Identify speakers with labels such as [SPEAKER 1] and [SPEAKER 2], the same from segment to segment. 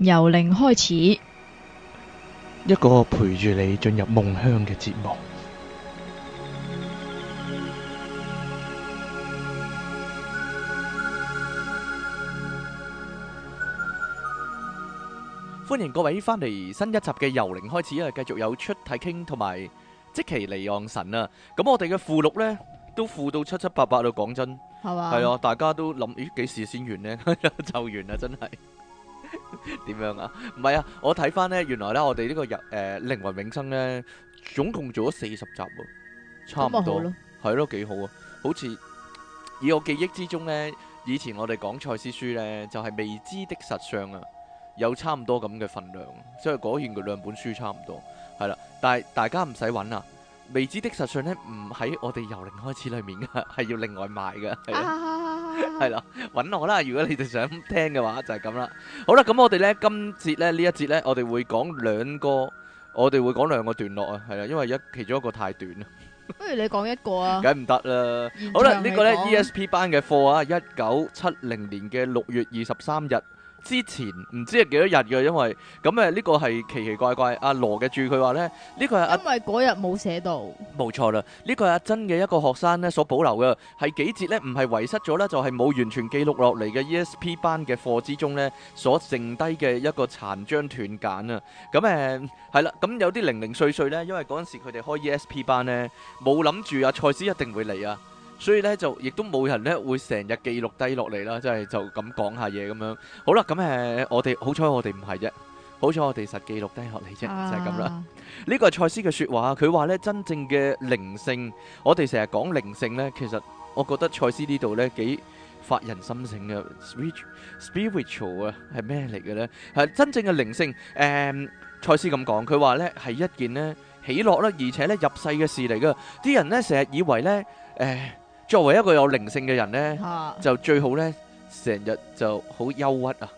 [SPEAKER 1] 由零開始，
[SPEAKER 2] 一個陪住你進入夢鄉嘅節目。歡迎各位翻嚟新一集嘅由零開始啊！繼續有出體傾同埋即其離岸神啊！咁我哋嘅附錄呢，都附到七七八八啦，講真係吧啊！大家都諗咦，幾時先完呢？ 就完啦，真係。點 樣啊？唔係啊，我睇翻呢。原來呢，我哋呢個《日誒靈魂永生》呢，總共做咗四十集、啊嗯、咯，差唔多，係咯，幾好啊！好似以我記憶之中呢，以前我哋講《賽斯書》呢，就係、是啊就是 啊啊《未知的實相》啊，有差唔多咁嘅份量，所以果然佢兩本書差唔多，係啦。但係大家唔使揾啦，《未知的實相》呢，唔喺我哋由零開始裏面嘅，係 要另外買嘅，係係啦，搵 我啦，如果你哋想聽嘅話就係、係、咁啦。好啦，咁我哋呢，今節呢，呢一節呢，我哋會講兩個，我哋會講兩個段落啊。係啦，因為一其中一個太短啦。
[SPEAKER 1] 不如你講一個啊？
[SPEAKER 2] 梗唔得啦。好啦，呢、呢個呢 ESP 班嘅課啊，一九七零年嘅六月二十三日。之前唔知係幾多日嘅，因為咁，誒呢個係奇奇怪怪。阿羅嘅註佢話呢，呢、這個係、啊、因為嗰日冇寫到，冇錯啦。呢、這個係阿珍嘅一個學生呢所保留嘅，係幾節呢？唔係遺失咗咧，就係、是、冇完全記錄落嚟嘅 E S P 班嘅課之中呢所剩低嘅一個殘章斷簡啊。咁誒係啦，咁、嗯、有啲零零碎碎呢，因為嗰陣時佢哋開 E S P 班呢，冇諗住阿賽斯一定會嚟啊。所以咧就亦都冇人咧會成日記錄低落嚟，啦，即係就咁講下嘢咁樣。好啦，咁誒，我哋好彩我哋唔係啫，好彩我哋實記錄低落嚟啫，就係咁啦。呢個係賽斯嘅說話，佢話咧真正嘅靈性，我哋成日講靈性咧，其實我覺得賽斯呢度咧幾發人心性嘅 spiritual 啊，係咩嚟嘅咧？係真正嘅靈性。誒，賽斯咁講，佢話咧係一件咧喜樂啦，而且咧入世嘅事嚟㗎。啲人咧成日以為咧誒。作為一個有靈性嘅人呢，啊、就最好呢，成日就好憂鬱啊，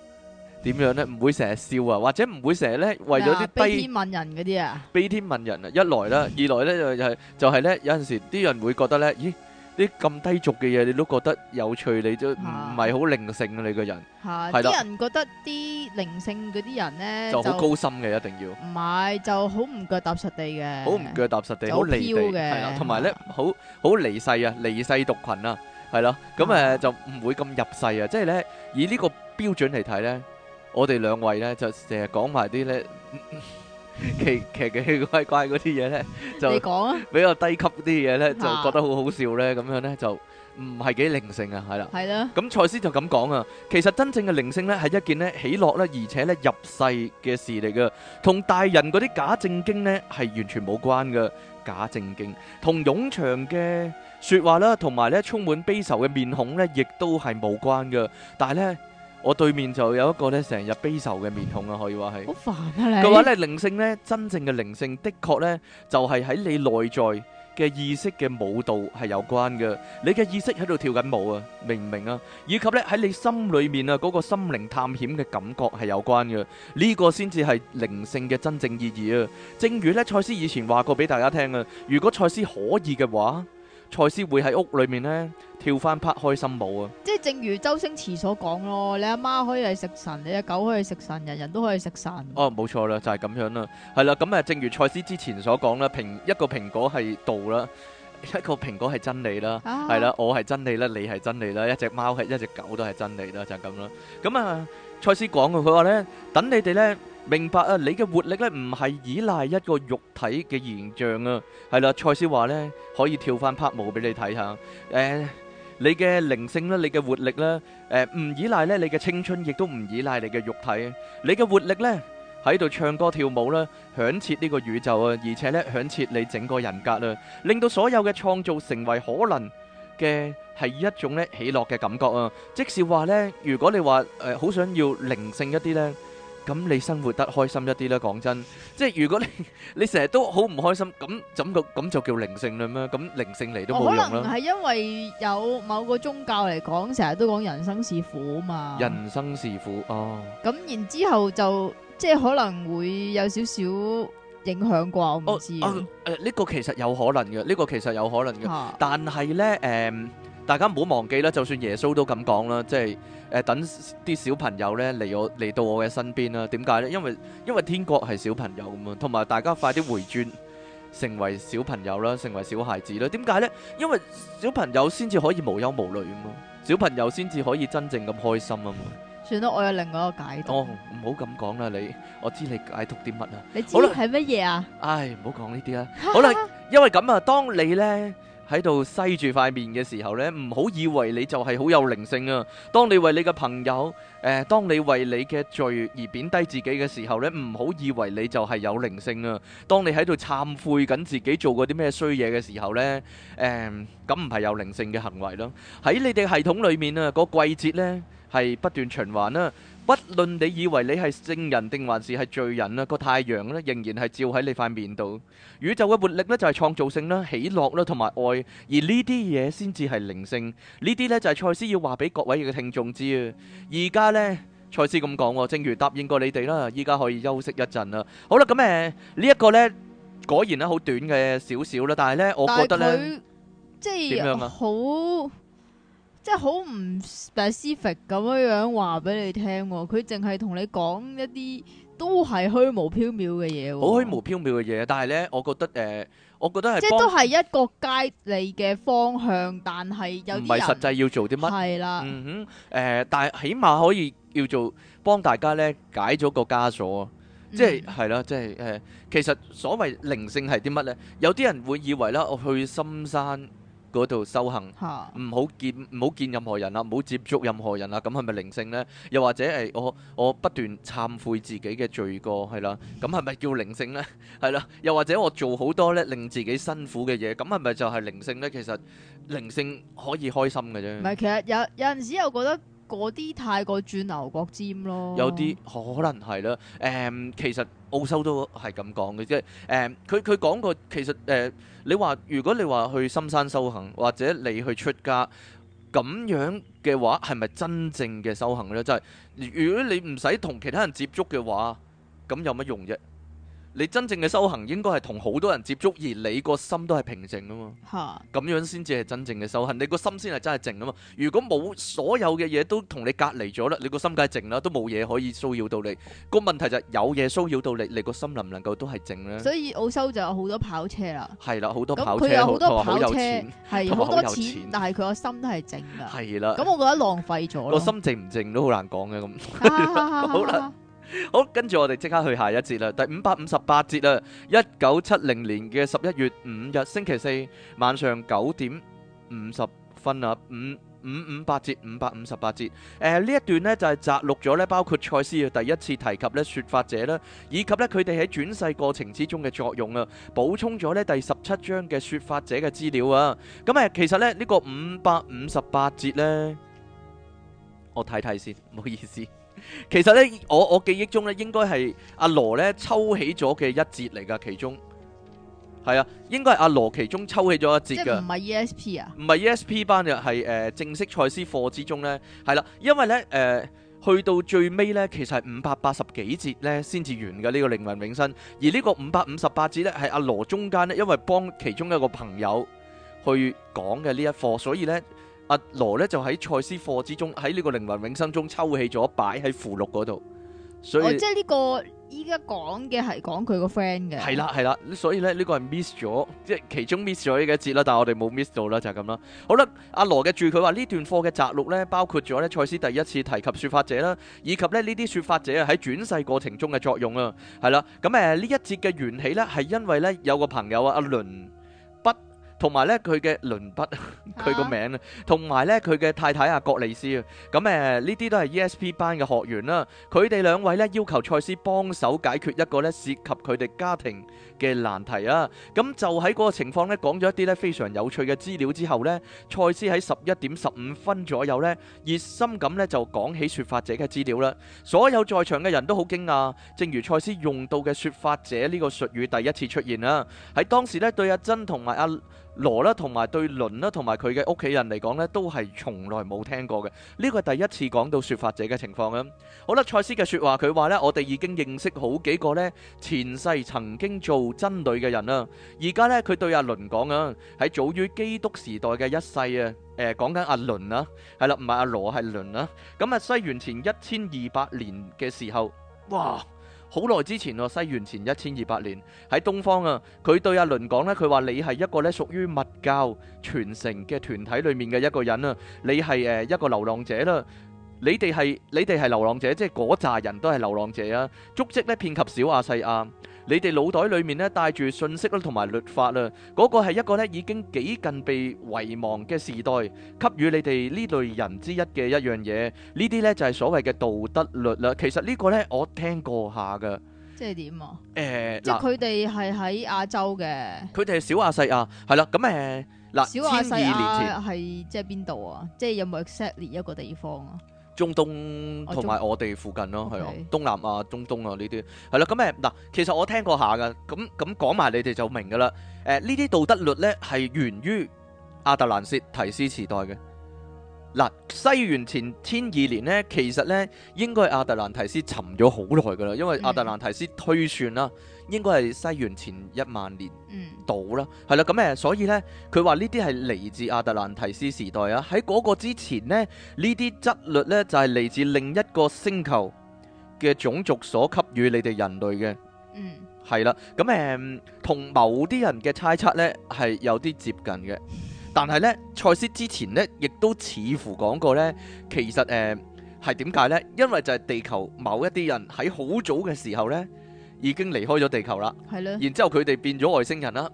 [SPEAKER 2] 點樣呢？唔 會成日笑啊，或者唔會成日呢，為咗啲悲天
[SPEAKER 1] 問人嗰啲啊，
[SPEAKER 2] 悲天問人啊，一來啦， 二來呢，就就係就係咧，有陣時啲人會覺得呢。咦？啲咁低俗嘅嘢你都覺得有趣，你都唔係好靈性啊！你個人，
[SPEAKER 1] 係啦，啲人覺得啲靈性嗰啲人咧就好高
[SPEAKER 2] 深嘅，一定要
[SPEAKER 1] 唔係就好唔腳踏實地嘅，好唔
[SPEAKER 2] 腳踏實地，好離地嘅，係啦，同埋咧好好離世啊，離世獨羣啊，係咯，咁誒就唔會咁入世啊，即係咧以呢個標準嚟睇咧，我哋兩位咧就成日講埋啲咧。奇奇怪怪嗰啲嘢咧，就比較低級啲嘢咧，就覺得好好笑咧，咁樣咧就唔係幾靈性啊，係啦。係啦。咁賽斯就咁講啊，其實真正嘅靈性咧係一件咧喜樂咧，而且咧入世嘅事嚟噶，同大人嗰啲假正經咧係完全冇關噶，假正經同冗長嘅說話啦，同埋咧充滿悲愁嘅面孔咧，亦都係冇關噶，但係咧。我對面就有一個咧，成日悲愁嘅面孔啊，可以話係。好煩啊你！嘅話咧，靈性咧，真正嘅靈性的確咧，就係喺你內在嘅意識嘅舞蹈係有關嘅。你嘅意識喺度跳緊舞啊，明唔明啊？以及咧喺你心裏面啊嗰個心靈探險嘅感覺係有關嘅。呢個先至係靈性嘅真正意義啊。正如咧，賽斯以前話過俾大家聽啊，如果賽斯可以嘅話，賽斯會喺屋裏面咧。跳翻 part 開心舞啊！
[SPEAKER 1] 即係正如周星馳所講咯，你阿媽可以係食神，你隻狗可以食神，人人都可以
[SPEAKER 2] 食神。哦，冇錯啦，就係咁樣啦。係啦，咁啊，正如蔡司之前所講啦，蘋一個蘋果係道啦，一個蘋果係真理啦，係啦，我係真理啦，你係真理啦，一隻貓係一隻狗都係真理啦，就係咁啦。咁啊，蔡司講啊，佢話咧，等你哋咧明白啊，你嘅活力咧唔係依賴一個肉體嘅現象啊。係啦，蔡司話咧，可以跳翻 part 舞俾你睇下，誒。你嘅靈性咧，你嘅活力咧，誒唔依賴咧，你嘅青春亦都唔依賴你嘅肉體。你嘅活力咧，喺度唱歌跳舞啦，響徹呢個宇宙啊，而且咧響徹你整個人格啊，令到所有嘅創造成為可能嘅係一種咧喜樂嘅感覺啊。即是話咧，如果你話誒好想要靈性一啲咧。咁你生活得開心一啲啦。講真，即係如果你你成日都好唔開心，咁咁就叫靈性啦咩？咁靈性嚟都冇用啦、哦。可能係
[SPEAKER 1] 因為有某個宗教嚟講，成日都講人生是苦嘛。人
[SPEAKER 2] 生是苦哦。
[SPEAKER 1] 咁然之後就即係可能會有少少影響啩，我唔知。誒、
[SPEAKER 2] 哦，呢、哦呃呢個其實有可能嘅，呢、呢個其實有可能嘅，啊、但係咧誒。嗯大家唔好忘記啦，就算耶穌都咁講啦，即係誒，等啲小朋友咧嚟我嚟到我嘅身邊啦。點解咧？因為因為天國係小朋友咁啊，同埋大家快啲回轉成為小朋友啦，成為小孩子啦。點解咧？因為小朋友先至可以無憂無慮咁啊，小朋友先至可以真正咁開心啊嘛。
[SPEAKER 1] 算啦，我有另外一個解讀。哦，
[SPEAKER 2] 唔好咁講啦，你，我知你解讀啲乜啊？你知我講嘅係乜嘢啊？唉，唔好講呢啲啦。好啦，因為咁啊，當你咧，喺度篩住塊面嘅時候呢，唔好以為你就係好有靈性啊！當你為你嘅朋友，誒、呃，當你為你嘅罪而貶低自己嘅時候呢，唔好以為你就係有靈性啊！當你喺度懺悔緊自己做過啲咩衰嘢嘅時候呢，誒、呃，咁唔係有靈性嘅行為咯。喺你哋系統裏面啊，個季節呢係不斷循環啦。不論你以為你係聖人定還是係罪人啦，個太陽咧仍然係照喺你塊面度。宇宙嘅活力咧就係創造性啦、喜樂啦同埋愛，而呢啲嘢先至係靈性。呢啲咧就係賽斯要話俾各位嘅聽眾知啊。而家咧賽斯咁講，正如答應過你哋啦，依家可以休息一陣啦。好啦，咁誒呢一個咧果然咧好短嘅少少啦，但係咧我覺得咧，
[SPEAKER 1] 即係點樣啊好。即係好唔 specific 咁樣樣話俾你聽，佢淨係同你講一啲都係虛無縹緲嘅嘢。好虛無
[SPEAKER 2] 縹緲嘅嘢，但係咧，我覺得誒、呃，我覺得係即係都係一
[SPEAKER 1] 個佳利嘅方向，但係有啲唔係實
[SPEAKER 2] 際要做啲乜？係啦的，嗯嗯誒、呃，但係起碼可以叫做幫大家咧解咗個枷鎖，即係係啦，即係誒、呃，其實所謂靈性係啲乜咧？有啲人會以為啦，我去深山嗰度修行，唔好見唔好見任何人啦、啊，唔好接觸任何人啦、啊，咁係咪靈性呢？又或者係我我不斷懺悔自己嘅罪過，係啦，咁係咪叫靈性呢？係啦，又或者我做好多咧令自己辛苦嘅嘢，咁係咪就係靈性呢？其實靈性可以開心嘅啫。唔係，
[SPEAKER 1] 其實有有陣時又覺得嗰啲太過轉牛角尖咯。有啲
[SPEAKER 2] 可能係啦，誒、嗯，其實。澳洲都係咁講嘅，即係誒，佢佢講過，其實誒、呃，你話如果你話去深山修行，或者你去出家，咁樣嘅話係咪真正嘅修行呢？即係如果你唔使同其他人接觸嘅話，咁有乜用啫？你真正嘅修行應該係同好多人接觸，而你個心都係平靜啊嘛。嚇，咁樣先至係真正嘅修行，你個心先係真係靜啊嘛。如果冇所有嘅嘢都同你隔離咗啦，你個心梗係靜啦，都冇嘢可以騷擾到你。個問題就係有嘢騷擾到你，你個心能唔能夠都係靜咧？所
[SPEAKER 1] 以澳洲就有好多跑車啦。
[SPEAKER 2] 係啦，好多跑車好多好有錢，係好多錢，
[SPEAKER 1] 但係佢個心都係靜㗎。係啦。咁我覺得浪費咗。個心
[SPEAKER 2] 靜唔靜都好難講嘅咁，好難。好，跟住我哋即刻去下一節啦，第五百五十八節啦，一九七零年嘅十一月五日星期四晚上九點五十分啦，啊，五五五百節五百五十八節，誒呢，呃、一段呢，就係、是、摘錄咗咧，包括賽斯嘅第一次提及呢說法者啦，以及呢佢哋喺轉世過程之中嘅作用啊，補充咗呢第十七章嘅說法者嘅資料啊，咁、嗯、誒其實呢，呢，這個五百五十八節呢，我睇睇先，唔好意思。其實咧，我我記憶中咧，應該係阿羅咧抽起咗嘅一節嚟噶，其中係啊，應該係阿羅其中抽起咗一節噶，即係唔
[SPEAKER 1] 係 E S P 啊？唔
[SPEAKER 2] 係 E S P 班嘅係誒正式賽斯課之中咧，係啦、啊，因為咧誒、呃、去到最尾咧，其實係五百八十幾節咧先至完嘅呢、這個靈魂永生，而個呢個五百五十八節咧係阿羅中間咧，因為幫其中一個朋友去講嘅呢一課，所以咧。阿羅咧就喺賽斯課之中，喺呢個靈魂永生中抽起咗，擺喺附錄嗰度。所以、哦、即係呢、
[SPEAKER 1] 這個依家講嘅係講佢個 friend 嘅。係啦
[SPEAKER 2] 係啦，所以咧呢個係 miss 咗，即係其中 miss 咗呢一節啦。但係我哋冇 miss 到啦，就係咁啦。好啦，阿羅嘅註佢話呢段課嘅摘錄咧，包括咗咧賽斯第一次提及說法者啦，以及咧呢啲說法者啊喺轉世過程中嘅作用啊。係啦，咁誒呢一節嘅緣起咧，係因為咧有個朋友啊阿倫。同埋咧佢嘅倫畢，佢個 名啊，同埋咧佢嘅太太阿郭利斯啊，咁誒呢啲都係 ESP 班嘅學員啦。佢哋兩位咧要求賽斯幫手解決一個咧涉及佢哋家庭嘅難題啊。咁就喺嗰個情況咧講咗一啲咧非常有趣嘅資料之後，呢賽斯喺十一點十五分左右咧熱心咁咧就講起説法者嘅資料啦。所有在場嘅人都好驚訝！正如賽斯用到嘅説法者呢個術語第一次出現啦。喺當時咧對阿珍同埋阿.羅啦，同埋對倫啦，同埋佢嘅屋企人嚟講呢都係從來冇聽過嘅。呢個係第一次講到說法者嘅情況啊。好啦，賽斯嘅說話，佢話呢：「我哋已經認識好幾個呢前世曾經做真女嘅人啦。」而家呢，佢對阿倫講啊，喺早於基督時代嘅一世啊，誒、呃，講緊阿倫啊，係啦，唔係阿羅係倫啊。咁啊，西元前一千二百年嘅時候，哇！好耐之前咯，西元前一千二百年喺東方啊，佢對阿倫講咧，佢話你係一個咧屬於密教傳承嘅團體裏面嘅一個人啊，你係誒一個流浪者啦，你哋係你哋係流浪者，即係嗰扎人都係流浪者啊，足跡咧遍及小亞細亞。你哋腦袋裏面咧帶住信息啦，同埋律法啦，嗰個係一個咧已經幾近被遺忘嘅時代，給予你哋呢類人之一嘅一樣嘢。呢啲咧就係所謂嘅道德律啦。其實呢個咧我聽過下噶，
[SPEAKER 1] 即係點啊？誒、
[SPEAKER 2] 欸，即係佢
[SPEAKER 1] 哋係喺亞洲嘅，
[SPEAKER 2] 佢哋係小亞細亞，係啦。咁誒，嗱，嗯、小亞細亞千二年前
[SPEAKER 1] 係即係邊度啊？即係有冇 exactly 一個地方啊？
[SPEAKER 2] 中東同埋我哋附近咯，係 Okay. 啊，東南亞啊，中東啊呢啲，係啦，咁誒，嗱、啊，其實我聽過下噶，咁咁講埋你哋就明噶啦，誒，呢啲道德律咧係源於亞特蘭提斯時代嘅。嗱，西元前千二年呢，其實呢應該係亞特蘭提斯沉咗好耐㗎啦，因為亞特蘭提斯推算啦，應該係西元前一萬年到啦，係啦、嗯，咁誒，所以呢，佢話呢啲係嚟自亞特蘭提斯時代啊，喺嗰個之前呢，呢啲質率呢就係、是、嚟自另一個星球嘅種族所給予你哋人類嘅、嗯，嗯，係啦，咁誒，同某啲人嘅猜測呢係有啲接近嘅。但係咧，賽斯之前咧，亦都似乎講過咧，其實誒係點解呢？因為就係地球某一啲人喺好早嘅時候咧，已經離開咗地球啦。係咧。然之後佢哋變咗外星人啦，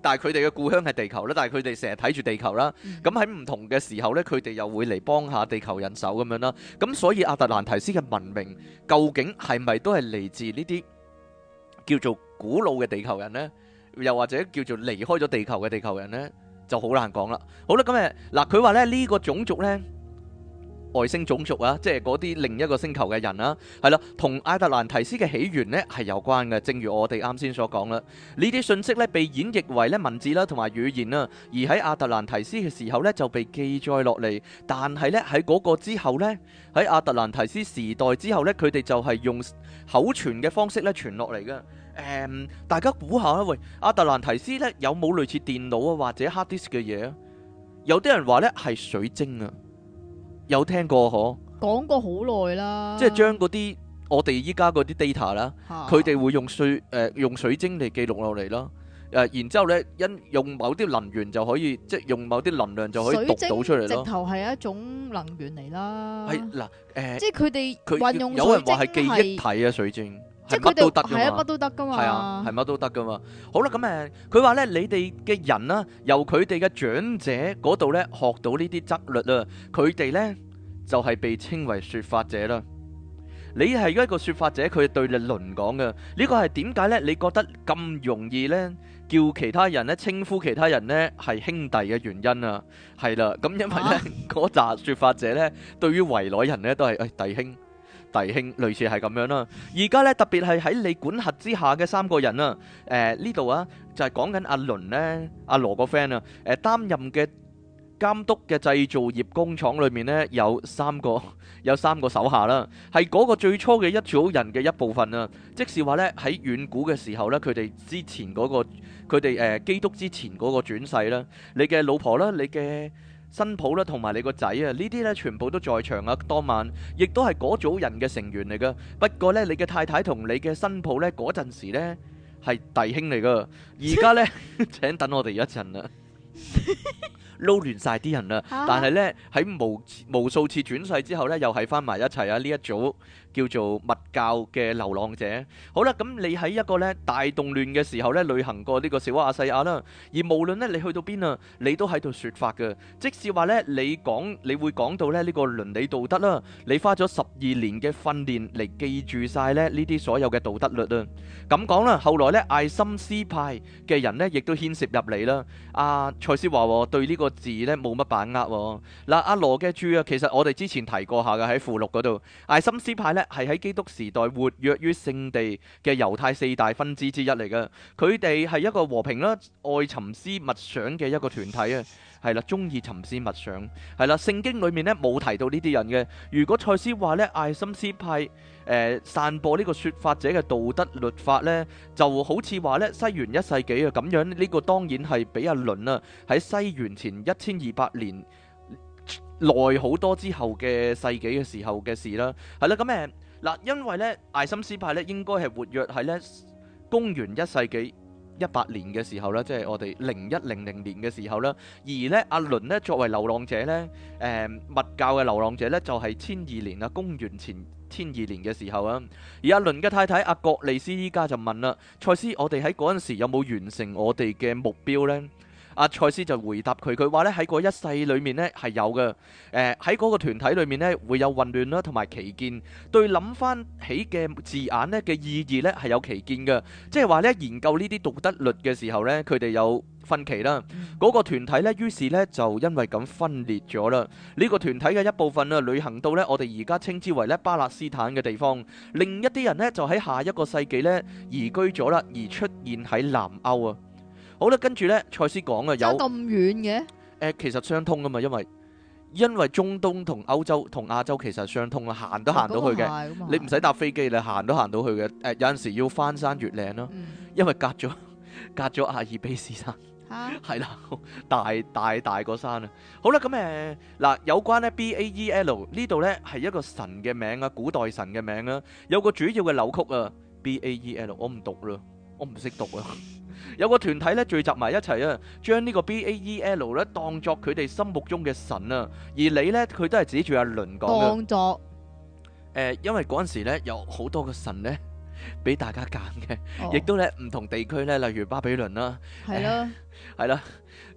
[SPEAKER 2] 但係佢哋嘅故鄉係地球啦，但係佢哋成日睇住地球啦。咁喺唔同嘅時候咧，佢哋又會嚟幫下地球人手咁樣啦。咁所以阿特蘭提斯嘅文明究竟係咪都係嚟自呢啲叫做古老嘅地球人呢？又或者叫做離開咗地球嘅地球人呢？就好難講啦。好啦，咁誒，嗱佢話咧呢個種族呢，外星種族啊，即係嗰啲另一個星球嘅人啦、啊，係啦，同亞特蘭提斯嘅起源呢係有關嘅。正如我哋啱先所講啦，呢啲信息呢被演繹為咧文字啦同埋語言啊，而喺亞特蘭提斯嘅時候呢就被記載落嚟，但係呢，喺嗰個之後呢，喺亞特蘭提斯時代之後呢，佢哋就係用口傳嘅方式咧傳落嚟㗎。誒，um, 大家估下啦，喂，阿特蘭提斯咧有冇類似電腦啊或者 hard disk 嘅嘢啊？有啲人話咧係水晶啊，有聽過嗬？
[SPEAKER 1] 講過好耐啦。即係
[SPEAKER 2] 將嗰啲我哋依家嗰啲 data 啦，佢哋會用水誒、呃、用水晶嚟記錄落嚟咯。誒、呃，然之後咧因用某啲能源就可以，即係用某啲能量就可以讀到出嚟咯。水晶直
[SPEAKER 1] 頭係一種能源嚟啦。係
[SPEAKER 2] 嗱、哎，誒，呃、即係
[SPEAKER 1] 佢哋佢。有人話係記憶體
[SPEAKER 2] 啊，水晶。即係乜都得噶嘛，係啊，係乜都得噶嘛。好啦，咁誒，佢話咧，你哋嘅人啦，由佢哋嘅長者嗰度咧，學到呢啲則律啊，佢哋咧就係被稱為說法者啦。你係一個說法者，佢對你論講嘅呢個係點解咧？你覺得咁容易咧叫其他人咧稱呼其他人咧係兄弟嘅原因啊？係啦，咁因為咧嗰紮說法者咧，對於圍內人咧都係誒弟兄。弟兄類似係咁樣啦，而家呢，特別係喺你管轄之下嘅三個人啊。誒呢度啊，就係、是、講緊阿倫呢，阿羅個 friend 啊。誒、呃、擔任嘅監督嘅製造業工廠裏面呢，有三個 有三個手下啦，係嗰個最初嘅一組人嘅一部分啊。即是話呢，喺遠古嘅時候呢，佢哋之前嗰、那個佢哋誒基督之前嗰個轉世啦，你嘅老婆啦，你嘅，新抱啦，同埋你個仔啊，呢啲呢，全部都在場啊。當晚，亦都係嗰組人嘅成員嚟噶。不過呢，你嘅太太同你嘅新抱呢，嗰陣時呢係弟兄嚟噶。而家呢， 請等我哋一陣啦，撈亂晒啲人啦。 但係呢，喺無無數次轉世之後呢，又係翻埋一齊啊！呢一組。叫做佛教嘅流浪者。好啦，咁你喺一個咧大動亂嘅時候咧，旅行過呢個小亞細亞啦。而無論咧你去到邊啊，你都喺度說法㗎。即使話咧，你講你會講到咧呢個倫理道德啦，你花咗十二年嘅訓練嚟，記住晒咧呢啲所有嘅道德律啊。咁講啦，後來咧艾森斯派嘅人咧，亦都牽涉入嚟啦。阿塞斯話對呢個字咧冇乜把握。嗱，阿羅嘅注啊，其實我哋之前提過下嘅喺附錄嗰度，艾森斯派咧。係喺基督時代活躍於聖地嘅猶太四大分支之一嚟嘅，佢哋係一個和平啦、愛沉思默想嘅一個團體啊，係啦，中意沉思默想，係啦，聖經裏面呢冇提到呢啲人嘅。如果賽斯話呢，艾森斯派誒、呃、散播呢個說法者嘅道德律法呢，就好似話呢：「西元一世紀啊咁樣，呢、這個當然係比阿倫啦」，喺西元前一千二百年。耐好多之後嘅世紀嘅時候嘅事啦，係啦，咁誒嗱，因為呢，艾森斯派呢應該係活躍喺呢公元一世紀一八年嘅時候啦，即係我哋零一零零年嘅時候啦。而呢，阿倫呢作為流浪者呢，誒、呃，佛教嘅流浪者呢，就係千二年啊，公元前千二年嘅時候啊。而阿倫嘅太太阿國利斯依家就問啦：「賽斯，我哋喺嗰陣時有冇完成我哋嘅目標呢？」阿塞斯就回答佢，佢話咧喺嗰一世裏面呢係有嘅，誒喺嗰個團體裏面呢，會有混亂啦，同埋歧見，對諗返起嘅字眼呢嘅意義呢係有歧見嘅，即係話呢，研究呢啲道德律嘅時候呢，佢哋有分歧啦，嗰個團體咧於是呢就因為咁分裂咗啦，呢個團體嘅一部分啊旅行到呢，我哋而家稱之為咧巴勒斯坦嘅地方，另一啲人呢，就喺下一個世紀呢移居咗啦，而出現喺南歐啊。好啦，跟住咧，賽斯講啊，有咁遠嘅？誒，其實相通噶嘛，因為因為中東同歐洲同亞洲其實相通啊，行都行到去嘅，你唔使搭飛機，你行都行到去嘅。誒，有陣時要翻山越嶺咯，因為隔咗隔咗阿爾卑斯山，係啦，大大大個山啊。好啦，咁誒嗱，有關咧 B A E L 呢度咧係一個神嘅名啊，古代神嘅名啊，有個主要嘅扭曲啊，B A E L，我唔讀啦，我唔識讀啊。有個團體咧聚集埋一齊啊，將呢個 B A E L 咧當作佢哋心目中嘅神啊，而你咧佢都係指住阿倫講，當作誒、呃，因為嗰陣時咧有好多嘅神咧。俾大家揀嘅，oh. 亦都咧唔同地區咧，例如巴比倫啦、啊，係咯、啊，係啦、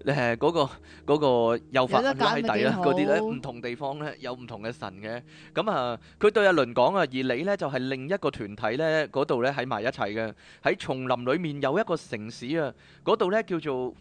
[SPEAKER 2] 呃，誒嗰、啊呃那個嗰、那個幼發拉底啦、啊，嗰啲咧唔同地方咧有唔同嘅神嘅，咁、嗯、啊，佢、呃、對阿倫講啊，而你咧就係、是、另一個團體咧，嗰度咧喺埋一齊嘅，喺叢林裏面有一個城市啊，嗰度咧叫做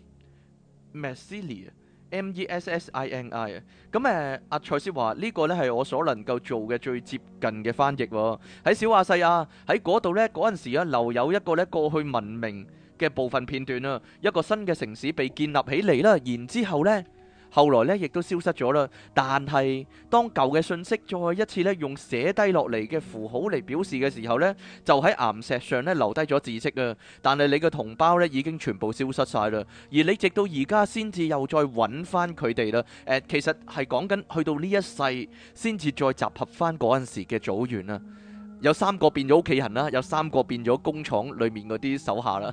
[SPEAKER 2] Macedonia M E S S I N I、嗯、啊，咁誒阿賽斯話呢個呢係我所能夠做嘅最接近嘅翻譯喎、哦。喺小亞細亞喺嗰度呢，嗰陣時啊，留有一個呢過去文明嘅部分片段啊，一個新嘅城市被建立起嚟啦，然之後呢。後來咧，亦都消失咗啦，但係當舊嘅信息，再一次咧，用寫低落嚟嘅符號嚟表示嘅時候呢，就喺岩石上咧留低咗字跡啊！但係你嘅同胞呢，已經全部消失晒啦，而你直到而家先至又再揾翻佢哋啦。誒、呃，其實係講緊去到呢一世先至再集合翻嗰陣時嘅組員啦。有三個變咗屋企人啦，有三個變咗工廠裏面嗰啲手下啦，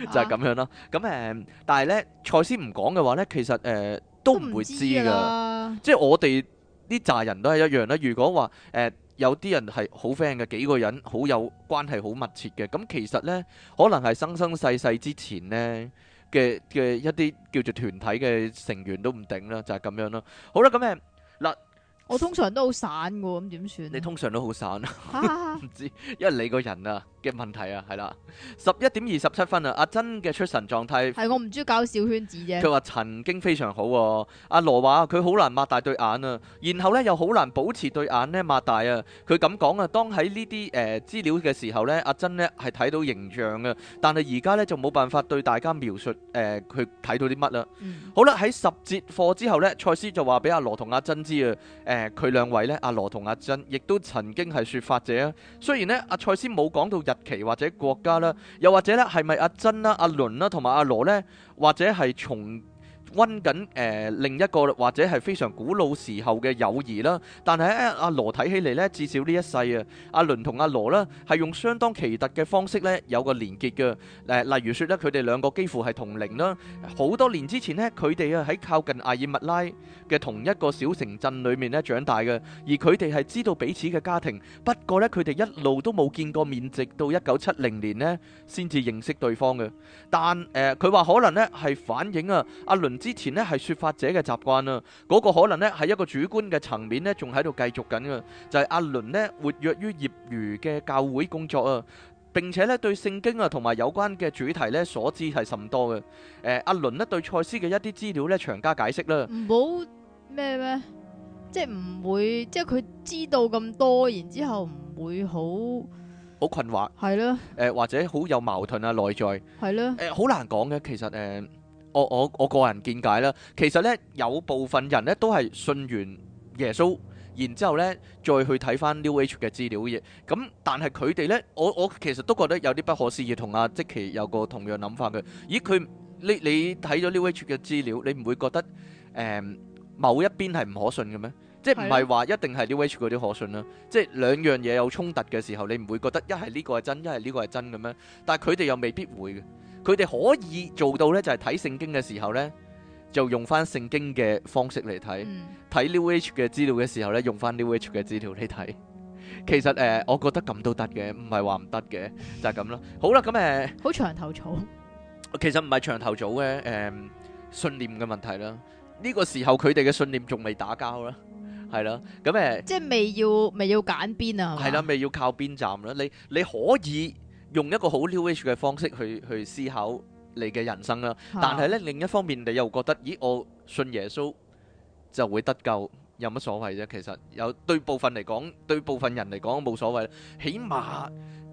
[SPEAKER 2] 就係、是、咁樣啦。咁誒、啊嗯，但係呢，賽斯唔講嘅話呢，其實誒。呃都唔會知噶，知即係我哋呢紮人都係一樣啦。如果話誒、呃、有啲人係好 friend 嘅，幾個人好有關係好密切嘅，咁其實呢，可能係生生世世之前呢嘅嘅一啲叫做團體嘅成員都唔定啦，就係、是、咁樣啦。好啦，咁誒嗱。我通
[SPEAKER 1] 常都好散噶，咁點算？
[SPEAKER 2] 你通常都好散啊？唔知，哈， 因為你個人啊嘅問題啊，係啦，十一點二十七分啊，阿珍嘅出神狀態係
[SPEAKER 1] 我唔中意搞小圈子啫。佢話
[SPEAKER 2] 曾經非常好，啊，阿羅話佢好難擘大對眼啊，然後呢又好難保持對眼呢，擘大啊。佢咁講啊，當喺呢啲誒資料嘅時候呢，阿珍呢係睇到形象啊，但係而家呢就冇辦法對大家描述誒，佢，呃、睇到啲乜啦。嗯、好啦，喺十節課之後呢，賽斯就話俾阿羅同阿珍知啊，呃誒佢兩位呢，阿羅同阿珍亦都曾經係説法者啊。雖然呢，阿賽斯冇講到日期或者國家啦，又或者呢，係咪阿珍啦、阿倫啦同埋阿羅呢，或者係從溫緊誒另一個或者係非常古老時候嘅友誼啦，但係喺阿羅睇起嚟咧，至少呢一世啊，阿倫同阿羅啦係用相當奇特嘅方式咧有個連結嘅誒，例如説咧佢哋兩個幾乎係同齡啦，好多年之前咧佢哋啊喺靠近艾爾麥拉嘅同一個小城鎮裏面咧長大嘅，而佢哋係知道彼此嘅家庭，不過咧佢哋一路都冇見過面，直到一九七零年咧先至認識對方嘅，但誒佢話可能咧係反映啊阿倫。之前咧係説法者嘅習慣啊，嗰、那個可能咧係一個主觀嘅層面咧，仲喺度繼續緊嘅，就係、是、阿倫咧活躍於業餘嘅教會工作啊，並且咧對聖經啊同埋有關嘅主題咧所知係甚多嘅。誒、呃、阿倫咧對賽斯嘅一啲資料咧長加解釋啦。
[SPEAKER 1] 唔好咩咩？即係唔會，即係佢知道咁多，然之後唔會好
[SPEAKER 2] 好困惑。係咯的。誒、呃、或者好有矛盾啊，內在。
[SPEAKER 1] 係咯的。誒好、呃、難
[SPEAKER 2] 講嘅，其實誒。呃我我我個人見解啦，其實咧有部分人咧都係信完耶穌，然之後咧再去睇翻 New Age 嘅資料嘅。咁但係佢哋咧，我我其實都覺得有啲不可思議，同阿積奇有個同樣諗法嘅。咦？佢你你睇咗 New Age 嘅資料，你唔會覺得誒、呃、某一邊係唔可信嘅咩？即係唔係話一定係 New Age 嗰啲可信啦？即係兩樣嘢有衝突嘅時候，你唔會覺得一係呢個係真，一係呢個係真噉樣？但係佢哋又未必會嘅。佢哋可以做到咧，就係睇聖經嘅時候咧，就用翻聖經嘅方式嚟睇；睇、嗯、New Age 嘅資料嘅時候咧，用翻 New Age 嘅資料嚟睇。 其實誒、呃，我覺得咁都得嘅，唔係話唔得嘅，就係咁咯。好啦，咁誒，呃、
[SPEAKER 1] 好長頭草，
[SPEAKER 2] 其實唔係長頭草嘅，誒、呃，信念嘅問題啦。呢、這個時候佢哋嘅信念仲未打交啦，係啦。咁誒，即係
[SPEAKER 1] 未要未要揀邊啊？
[SPEAKER 2] 係啦，未要靠邊站啦。 你你，你可以。用一個好 new age 嘅方式去去思考你嘅人生啦，但係咧另一方面，你又覺得，咦，我信耶穌就會得救，有乜所謂啫？其實有對部分嚟講，對部分人嚟講都冇所謂，起碼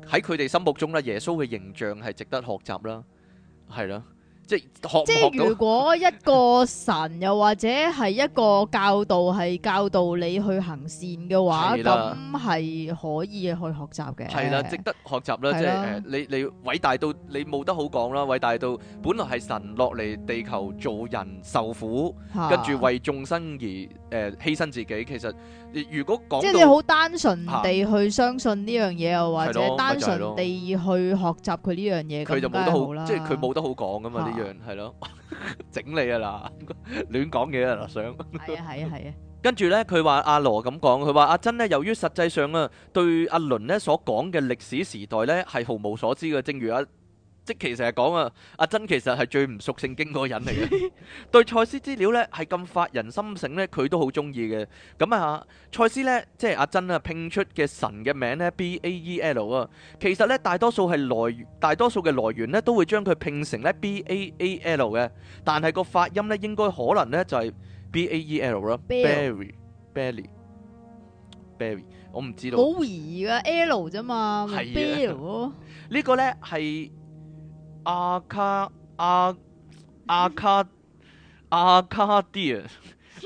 [SPEAKER 2] 喺佢哋心目中咧，耶穌嘅形象係值得學習啦，係啦。即係如果
[SPEAKER 1] 一個神，又或者係一個教導，係教導你去行善嘅話，咁係 的可以去學習嘅。係啦，值
[SPEAKER 2] 得學習啦。的即係、呃、你你偉大到你冇得好講啦。偉大到本來係神落嚟地球做人受苦，跟住、啊、為眾生而誒、呃、犧牲自己，其實。如果講即係你好單純地
[SPEAKER 1] 去相信呢樣嘢，又或者單純地去學習佢呢樣嘢，佢就冇得好，即係佢冇
[SPEAKER 2] 得好講㗎嘛？呢樣係咯，整你啊啦，亂講嘢啊啦，想
[SPEAKER 1] 係啊係啊係啊！
[SPEAKER 2] 跟住咧，佢話阿羅咁講，佢話阿珍咧，由於實際上啊，對阿倫咧所講嘅歷史時代咧，係毫無所知嘅，正如阿。即其實係講啊，阿珍其實係最唔熟聖經嗰人嚟嘅。對賽斯資料咧，係咁發人心醒咧，佢都好中意嘅。咁啊，賽斯咧，即係阿珍啊，拼出嘅神嘅名咧，B A E L 啊。其實咧，大多數係來源，大多數嘅來源咧，都會將佢拼成咧 B A A L 嘅。但係個發音咧，應該可能咧就係 B A E L 咯。Berry，berry，berry，我唔知道。
[SPEAKER 1] 好而噶 L 啫嘛，咪 L 咯。
[SPEAKER 2] 呢個咧係。阿卡阿阿卡阿卡迪啊，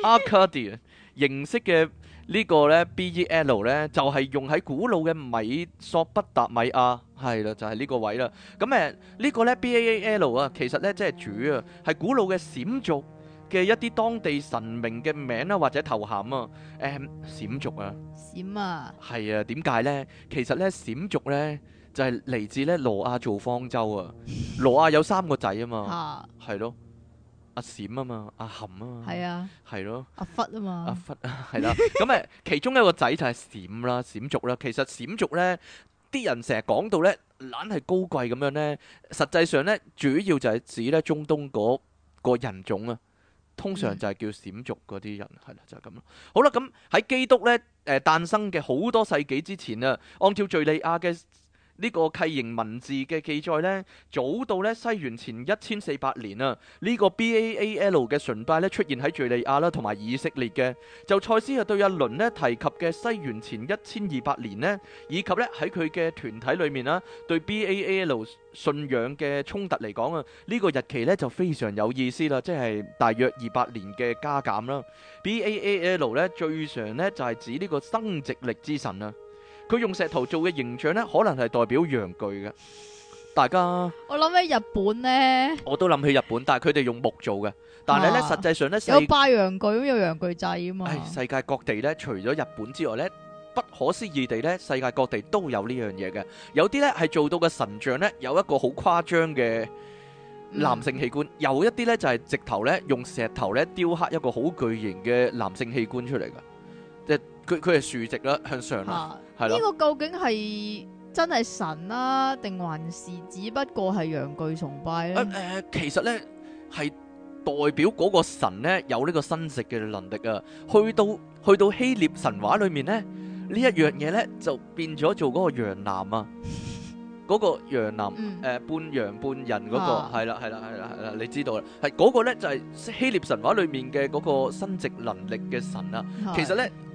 [SPEAKER 2] 阿卡迪啊，形式嘅呢個咧，B E L 咧就係用喺古老嘅米索不達米亞，係啦就係呢個位啦。咁誒呢個咧 B A A L 啊，其實咧即係主啊，係古老嘅閃族嘅一啲當地神明嘅名啦或者頭銜啊，誒閃族啊，
[SPEAKER 1] 閃族啊，
[SPEAKER 2] 係是啊，點解咧？其實咧閃族咧。就係嚟自咧羅亞造方舟啊！羅亞有三個仔啊嘛，係咯，阿閃啊嘛，阿冚啊嘛，係啊，係咯，阿忽啊嘛，阿忽啊係啦。咁誒，其中一個仔就係閃啦，閃族啦。其實閃族咧，啲人成日講到咧，懶係高貴咁樣咧，實際上咧，主要就係指咧中東嗰個人種啊。通常就係叫閃族嗰啲人係啦，就係咁咯。好啦，咁喺基督咧誒誕生嘅好多世紀之前啊，按照敍利亞嘅，呢個楔形文字嘅記載呢，早到呢西元前一千四百年啊！呢、這個 B A A L 嘅崇拜呢出現喺敍利亞啦、啊，同埋以色列嘅。就賽斯啊對阿倫呢提及嘅西元前一千二百年呢，以及呢喺佢嘅團體裏面啦、啊，對 B A A L 信仰嘅衝突嚟講啊，呢、這個日期呢就非常有意思啦，即係大約二百年嘅加減啦。B A A L 呢最常呢就係、是、指呢個生殖力之神啊。佢用石頭做嘅形象咧，可能係代表陽具嘅。大家，
[SPEAKER 1] 我諗起日本呢，
[SPEAKER 2] 我都諗起日本，但係佢哋用木做嘅。但係呢，啊、實際上呢，有拜
[SPEAKER 1] 陽具，有陽具祭啊嘛、哎。世
[SPEAKER 2] 界各地呢，除咗日本之外呢，不可思議地呢，世界各地都有呢樣嘢嘅。有啲呢係做到嘅神像呢，有一個好誇張嘅男性器官，嗯、有一啲呢就係、是、直頭呢，用石頭呢雕刻一個好巨型嘅男性器官出嚟嘅，即係佢佢係豎直啦，向上呢個
[SPEAKER 1] 究竟係真係神啊，定還是只不過係陽具崇拜咧？
[SPEAKER 2] 誒、呃呃，其實咧係代表嗰個神咧有呢個生殖嘅能力啊！去到去到希臘神話裏面咧，呢、嗯、一樣嘢咧就變咗做嗰個羊男啊！嗰 個羊男誒、呃，半羊半人嗰、那個，係啦係啦係啦係啦，你知道啦，係嗰、那個咧就係、是、希臘神話裏面嘅嗰個生殖能力嘅神啊！其實咧。嗯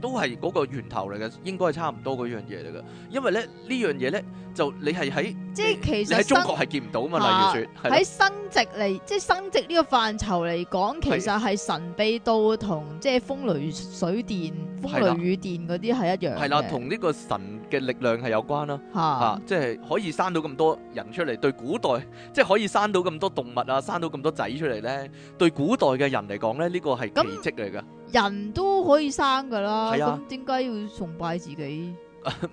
[SPEAKER 2] 都係嗰個源頭嚟嘅，應該係差唔多嗰樣嘢嚟嘅，因為咧呢樣嘢咧。就你係喺即係其實喺中國係見唔到啊嘛，啊例如説喺生
[SPEAKER 1] 殖嚟，即係生殖呢個範疇嚟講，其實係神秘到同即係風雷水電、是的 風雷雨電嗰啲係一樣嘅。係啦，同呢
[SPEAKER 2] 個神嘅力量係有關啦。嚇是的、啊，即係可以生到咁多人出嚟，對古代即係可以生到咁多動物啊，生到咁多仔出嚟咧，對古代嘅人嚟講咧，呢個係奇蹟嚟㗎。
[SPEAKER 1] 人都可以生㗎啦，咁點解要崇拜自己？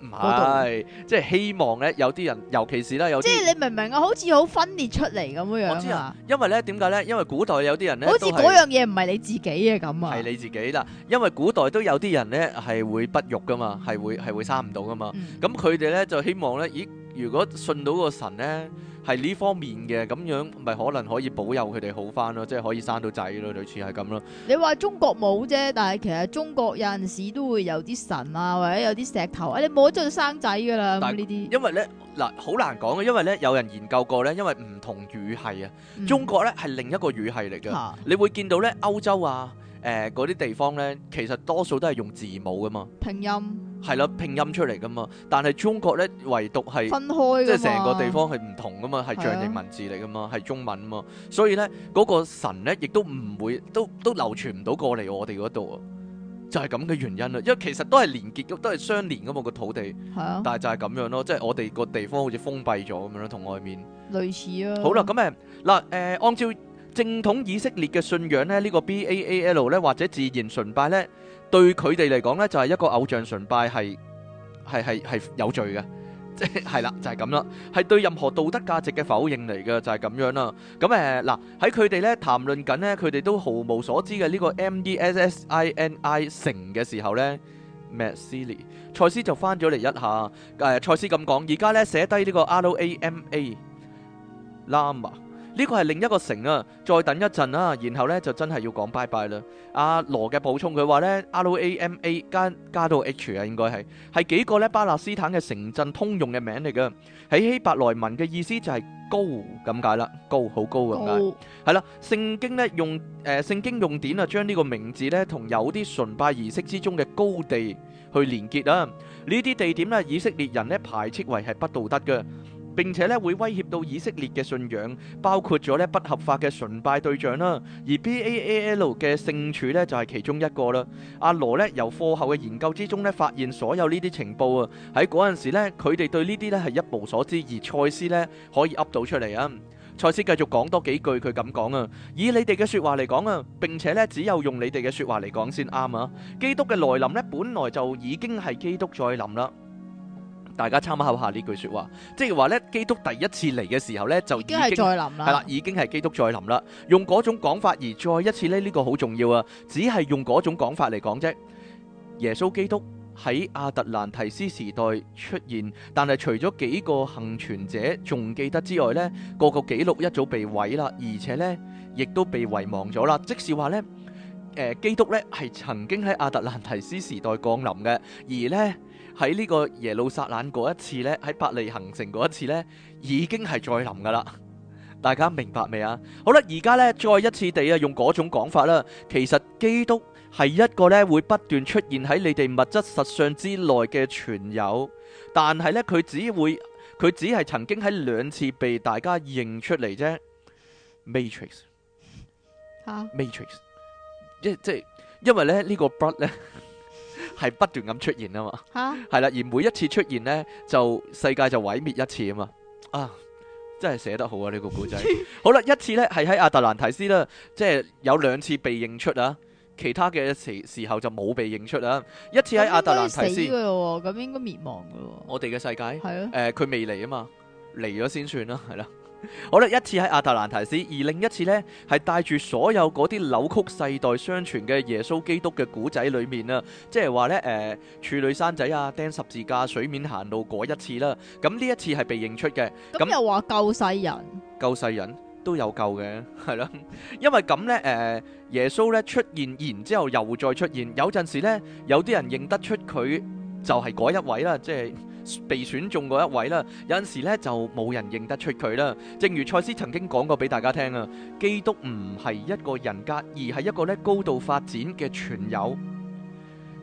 [SPEAKER 2] 唔係， 是即係希望咧，有啲人，尤其是咧，有即係
[SPEAKER 1] 你明唔明啊？好似好分裂出嚟咁樣樣知啊！
[SPEAKER 2] 因為咧，點解咧？因為古代有啲人咧，好似嗰樣嘢唔係你自己嘅咁啊！係你自己啦，因為古代都有啲人咧係會不育噶嘛，係會係會生唔到噶嘛。咁佢哋咧就希望咧，咦？如果信到個神咧？係呢方面嘅咁樣，咪可能可以保佑佢哋好翻咯，即係可以生到仔咯，類似係咁咯。
[SPEAKER 1] 你話中國冇啫，但係其實中國有陣時都會有啲神啊，或者有啲石頭啊，你摸咗就生仔㗎啦。咁呢
[SPEAKER 2] 啲因為咧，嗱好難講嘅，因為咧有人研究過咧，因為唔同語系啊。中國咧係另一個語系嚟嘅，嗯、你會見到咧歐洲啊。誒嗰啲地方咧，其實多數都係用字母噶嘛，拼音係啦、啊，拼音出嚟噶嘛。但係中國咧，唯獨係分開，即係成個地方係唔同噶嘛，係、啊、象形文字嚟噶嘛，係中文啊嘛。所以咧，嗰、嗰個神咧，亦都唔會，都都流傳唔到過嚟我哋嗰度啊，就係咁嘅原因啦。因為其實都係連結，都係相連噶嘛個土地。啊、但係就係咁樣咯，即係我哋個地方好似封閉咗咁樣，同外面
[SPEAKER 1] 類似啊。好啦，
[SPEAKER 2] 咁誒嗱誒，按照。咩咩正統以色列嘅信仰咧，呢個 Baal 咧或者自然崇拜咧，對佢哋嚟講咧就係一個偶像崇拜，係係係係有罪嘅，即係係啦，就係咁啦，係對任何道德價值嘅否認嚟嘅，就係咁樣啦。咁誒嗱喺佢哋咧談論緊咧，佢哋都毫無所知嘅呢個 Messini 城嘅時候咧，Matt Cilli 蔡斯就返咗嚟一下誒，蔡斯咁講，而家咧寫低呢個 RAMA Lambda。呢個係另一個城啊！再等一陣啊，然後咧就真係要講 bye bye 啦。阿羅嘅補充佢話咧，R A M A 加加到 H 啊，應該係係幾個咧巴勒斯坦嘅城鎮通用嘅名嚟嘅。喺希伯來文嘅意思就係高咁解啦，高好高咁解。係啦，聖經咧用誒聖經用典啊，將呢個名字咧同有啲崇拜儀式之中嘅高地去連結啊。呢啲地點咧，以色列人咧排斥為係不道德嘅。並且咧會威脅到以色列嘅信仰，包括咗咧不合法嘅崇拜對象啦。而 B A A L 嘅聖柱咧就係其中一個啦。阿羅咧由課後嘅研究之中咧發現所有呢啲情報啊，喺嗰陣時咧佢哋對呢啲咧係一無所知，而賽斯咧可以噏到出嚟啊。賽斯繼續講多幾句，佢咁講啊，以你哋嘅説話嚟講啊，並且咧只有用你哋嘅説話嚟講先啱啊。基督嘅來臨咧，本來就已經係基督再臨啦。大家參考下呢句說話，即係話咧，基督第一次嚟嘅時候咧，就已經係再臨啦，已經係基督再臨啦。用嗰種講法，而再一次呢，呢個好重要啊！只係用嗰種講法嚟講啫。耶穌基督喺亞特蘭提斯時代出現，但係除咗幾個幸存者仲記得之外咧，個個記錄一早被毀啦，而且咧亦都被遺忘咗啦。即使話咧，誒、呃，基督咧係曾經喺亞特蘭提斯時代降臨嘅，而咧。喺呢個耶路撒冷嗰一次呢，喺百利行程嗰一次呢，已經係再臨噶啦。大家明白未啊？好啦，而家呢再一次地啊，用嗰種講法啦。其實基督係一個呢會不斷出現喺你哋物質實相之內嘅存有，但係呢，佢只會佢只係曾經喺兩次被大家認出嚟啫。Matrix、啊、Matrix、即、即、因為呢、呢個 blood 咧。係不斷咁出現啊嘛，係啦蛤，而每一次出現呢，就世界就毀滅一次啊嘛，啊，真係寫得好啊！呢、這個古仔， 好啦，一次呢，係喺亞特蘭提斯啦，即、就、係、是、有兩次被認出啊，其他嘅時候就冇被認出啊。一次喺亞特蘭提斯
[SPEAKER 1] 咁應該滅、啊、亡
[SPEAKER 2] 嘅、啊，我哋嘅世界係的、呃、啊，佢未嚟，啊嘛，嚟咗先算啦，係啦。好啦，一次喺亞特蘭提斯，而另一次呢，係帶住所有嗰啲扭曲世代相傳嘅耶穌基督嘅古仔裏面啊，即係話呢，誒、呃，處女山仔啊，釘十字架，水面行路嗰一次啦。咁呢一次係被認出嘅，咁又話
[SPEAKER 1] 救世人，
[SPEAKER 2] 救世人都有救嘅，係咯。因為咁呢，誒、呃，耶穌呢出現，然之後又再出現，有陣時呢，有啲人認得出佢就係嗰一位啦，即係。被選中嗰一位啦，有陣時咧就冇人認得出佢啦。正如賽斯曾經講過俾大家聽啊，基督唔係一個人格，而係一個咧高度發展嘅存有。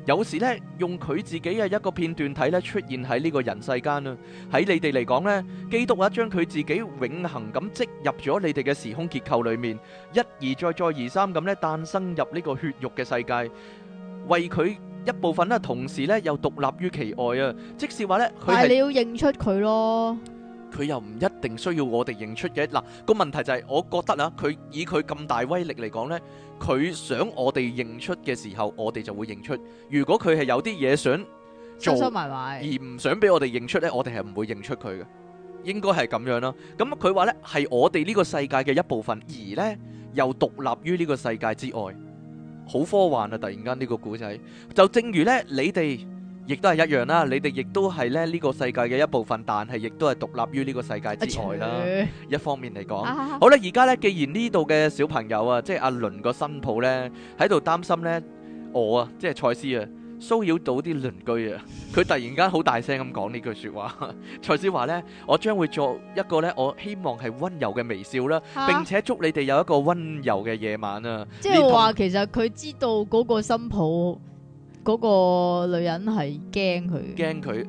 [SPEAKER 2] 有時咧用佢自己嘅一個片段體咧，出現喺呢個人世間啊。喺你哋嚟講呢，基督啊將佢自己永恆咁織入咗你哋嘅時空結構裏面，一而再再而三咁咧誕生入呢個血肉嘅世界，為佢一部分咧，同時咧又獨立於其外啊！即是話咧，佢係你要
[SPEAKER 1] 認出佢咯，
[SPEAKER 2] 佢又唔一定需要我哋認出嘅。嗱，個問題就係，我覺得啊，佢以佢咁大威力嚟講咧，佢想我哋認出嘅時候，我哋就會認出。如果佢係有啲嘢，想做收收埋埋，而唔想俾我哋認出咧，我哋係唔會認出佢嘅。應該係咁樣咯。咁佢話咧係我哋呢個世界嘅一部分，而咧又獨立於呢個世界之外。好科幻啊！突然間呢個古仔，就正如呢，你哋亦都係一樣啦。你哋亦都係咧呢個世界嘅一部分，但係亦都係獨立於呢個世界之外啦。呃、一方面嚟講，啊、哈哈好啦，而家呢，既然呢度嘅小朋友啊，即係阿倫個新抱呢，喺度擔心呢，我啊，即係蔡司啊。騷擾到啲鄰居啊！佢突然間好大聲咁講呢句説話。蔡思華呢，我將會作一個呢，我希望係温柔嘅微笑啦，並且祝你哋有一個温柔嘅夜晚啊！即
[SPEAKER 1] 係話其實佢知道嗰個新抱嗰個女人係驚佢，驚
[SPEAKER 2] 佢誒。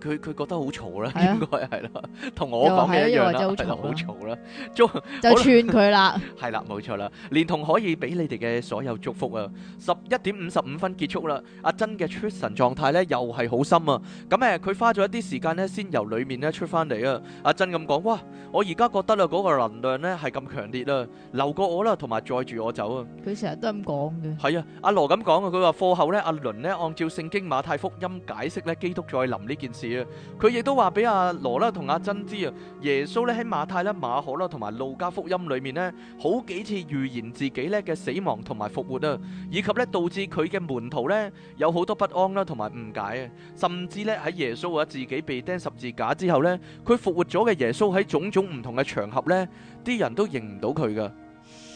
[SPEAKER 2] 佢佢覺得好嘈啦，應該係啦，同我講嘅一樣啦，就好嘈啦，就就串佢啦，係啦，冇錯啦，連同可以俾你哋嘅所有祝福啊！十一點五十五分結束啦，阿珍嘅出神狀態咧又係好深啊！咁誒，佢花咗一啲時間咧，先由裏面咧出翻嚟啊！阿珍咁講，哇，我而家覺得啦，嗰個能量咧係咁強烈啊，留過我啦，同埋載住我走啊！
[SPEAKER 1] 佢成日都咁講
[SPEAKER 2] 嘅。係啊，阿羅咁講啊，佢話課後咧，阿倫咧按照聖經馬太福音解釋咧，基督再臨呢件事。佢亦都話俾阿羅啦同阿珍知啊，耶穌咧喺馬太啦、馬可啦同埋路加福音裏面咧，好幾次預言自己咧嘅死亡同埋復活啊，以及咧導致佢嘅門徒咧有好多不安啦同埋誤解啊，甚至咧喺耶穌或者自己被釘十字架之後咧，佢復活咗嘅耶穌喺種種唔同嘅場合咧，啲人都認唔到佢噶，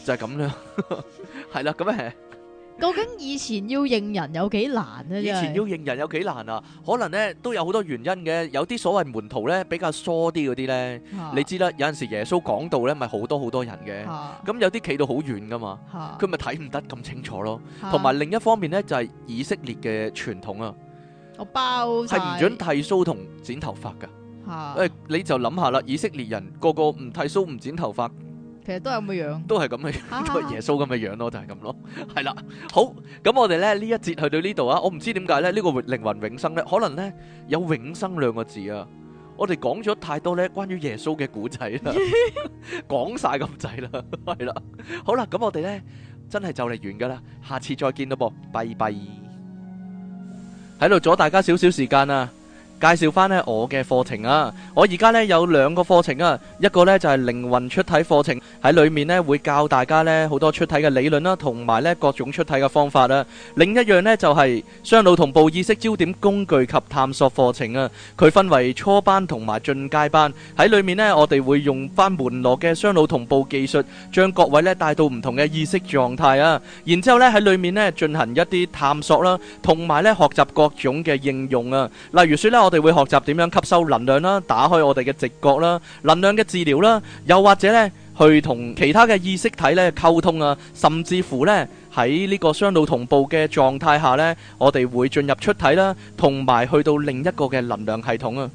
[SPEAKER 2] 就係咁樣，係啦咁啊。
[SPEAKER 1] 究竟以前要認人有幾難啊？以前要
[SPEAKER 2] 認人有幾難啊？可能咧都有好多原因嘅，有啲所謂門徒咧比較疏啲嗰啲咧，你知啦。有陣時耶穌講道咧，咪好多好多人嘅，咁有啲企到好遠噶嘛，佢咪睇唔得咁清楚咯。同埋另一方面咧，就係以色列嘅傳統啊，
[SPEAKER 1] 我包晒係唔准
[SPEAKER 2] 剃鬚同剪頭髮噶。誒，你就諗下啦，以色列人個個唔剃鬚唔剪頭髮。
[SPEAKER 1] 其實都係咁嘅樣，
[SPEAKER 2] 都係咁嘅樣，都係耶穌咁嘅樣咯，就係咁咯，係啦，好，咁我哋咧呢一節去到呢度啊，我唔知點解咧呢個靈魂永生咧，可能咧有永生兩個字啊，我哋講咗太多咧關於耶穌嘅古仔啦，講晒咁仔啦咁滯，係啦，好啦，咁我哋咧真係就嚟完噶啦，下次再見到噃，拜拜，喺度阻大家少少時間啊。介紹翻呢我嘅課程啊，我而家呢有兩個課程啊，一個呢就係靈魂出體課程，喺裏面呢會教大家呢好多出體嘅理論啦，同埋呢各種出體嘅方法啦。另一樣呢就係雙腦同步意識焦點工具及探索課程啊，佢分為初班同埋進階班，喺裏面呢我哋會用翻門羅嘅雙腦同步技術，將各位呢帶到唔同嘅意識狀態啊，然之後呢喺裏面呢進行一啲探索啦，同埋呢學習各種嘅應用啊，例如說咧。我哋會學習點樣吸收能量啦，打開我哋嘅直覺啦，能量嘅治療啦，又或者咧去同其他嘅意識體咧溝通啊，甚至乎咧喺呢個雙腦同步嘅狀態下咧，我哋會進入出體啦，同埋去到另一個嘅能量系統啊。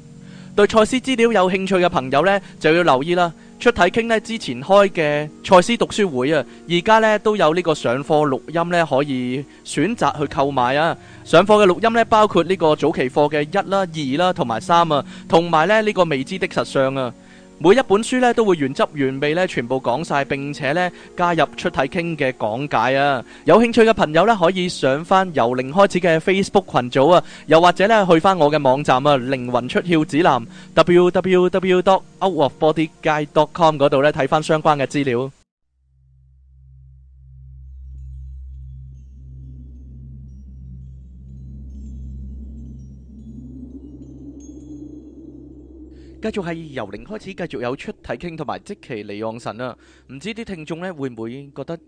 [SPEAKER 2] 對賽斯資料有興趣嘅朋友咧，就要留意啦。出體傾咧，之前開嘅賽斯讀書會啊，而家咧都有呢個上課錄音咧，可以選擇去購買啊。上課嘅錄音咧，包括呢個早期課嘅一啦、二啦同埋三啊，同埋咧呢個未知的實相啊。每一本書咧都會原汁原味咧全部講晒，並且咧加入出體傾嘅講解啊！有興趣嘅朋友咧可以上翻由零開始嘅 Facebook 群組啊，又或者咧去翻我嘅網站啊，靈魂出竅指南 www.outofbodyguide.com 嗰度咧睇翻相關嘅資料。繼續係由零開始，繼續有出體傾同埋即期離岸神啊。唔知啲聽眾呢會唔會覺得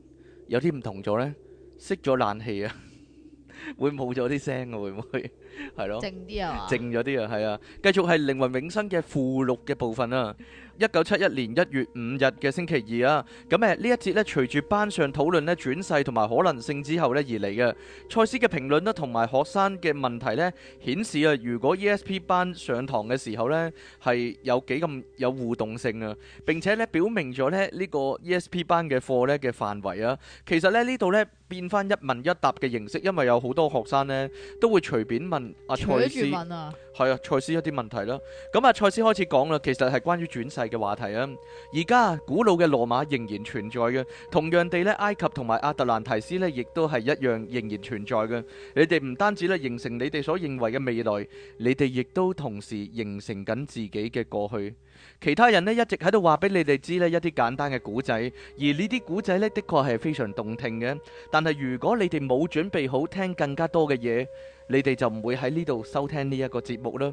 [SPEAKER 2] 有啲唔同咗呢？熄咗冷氣啊， 會冇咗啲聲啊？會唔會係 咯？靜啲啊！靜咗啲啊，係啊！繼續係靈魂永生嘅附錄嘅部分啊。一九七一年一月五日嘅星期二啊，咁誒呢一節咧隨住班上討論咧轉世同埋可能性之後咧而嚟嘅。蔡司嘅評論咧同埋學生嘅問題咧顯示啊，如果 E S P 班上堂嘅時候咧係有幾咁有互動性啊，並且咧表明咗咧呢、這個 E S P 班嘅課咧嘅範圍啊，其實咧呢度咧變翻一問一答嘅形式，因為有好多學生咧都會隨便問阿、啊、蔡思，係啊，蔡司、啊、一啲問題啦，咁啊蔡司開始講啦，其實係關於轉世。嘅話題啊，而家古老嘅羅馬仍然存在嘅，同樣地咧，埃及同埋阿特蘭提斯咧，亦都係一樣仍然存在嘅。你哋唔單止咧形成你哋所認為嘅未來，你哋亦都同時形成緊自己嘅過去。其他人咧一直喺度話俾你哋知咧一啲簡單嘅古仔，而呢啲古仔咧的確係非常動聽嘅。但係如果你哋冇準備好聽更加多嘅嘢，你哋就唔會喺呢度收聽呢一個節目啦。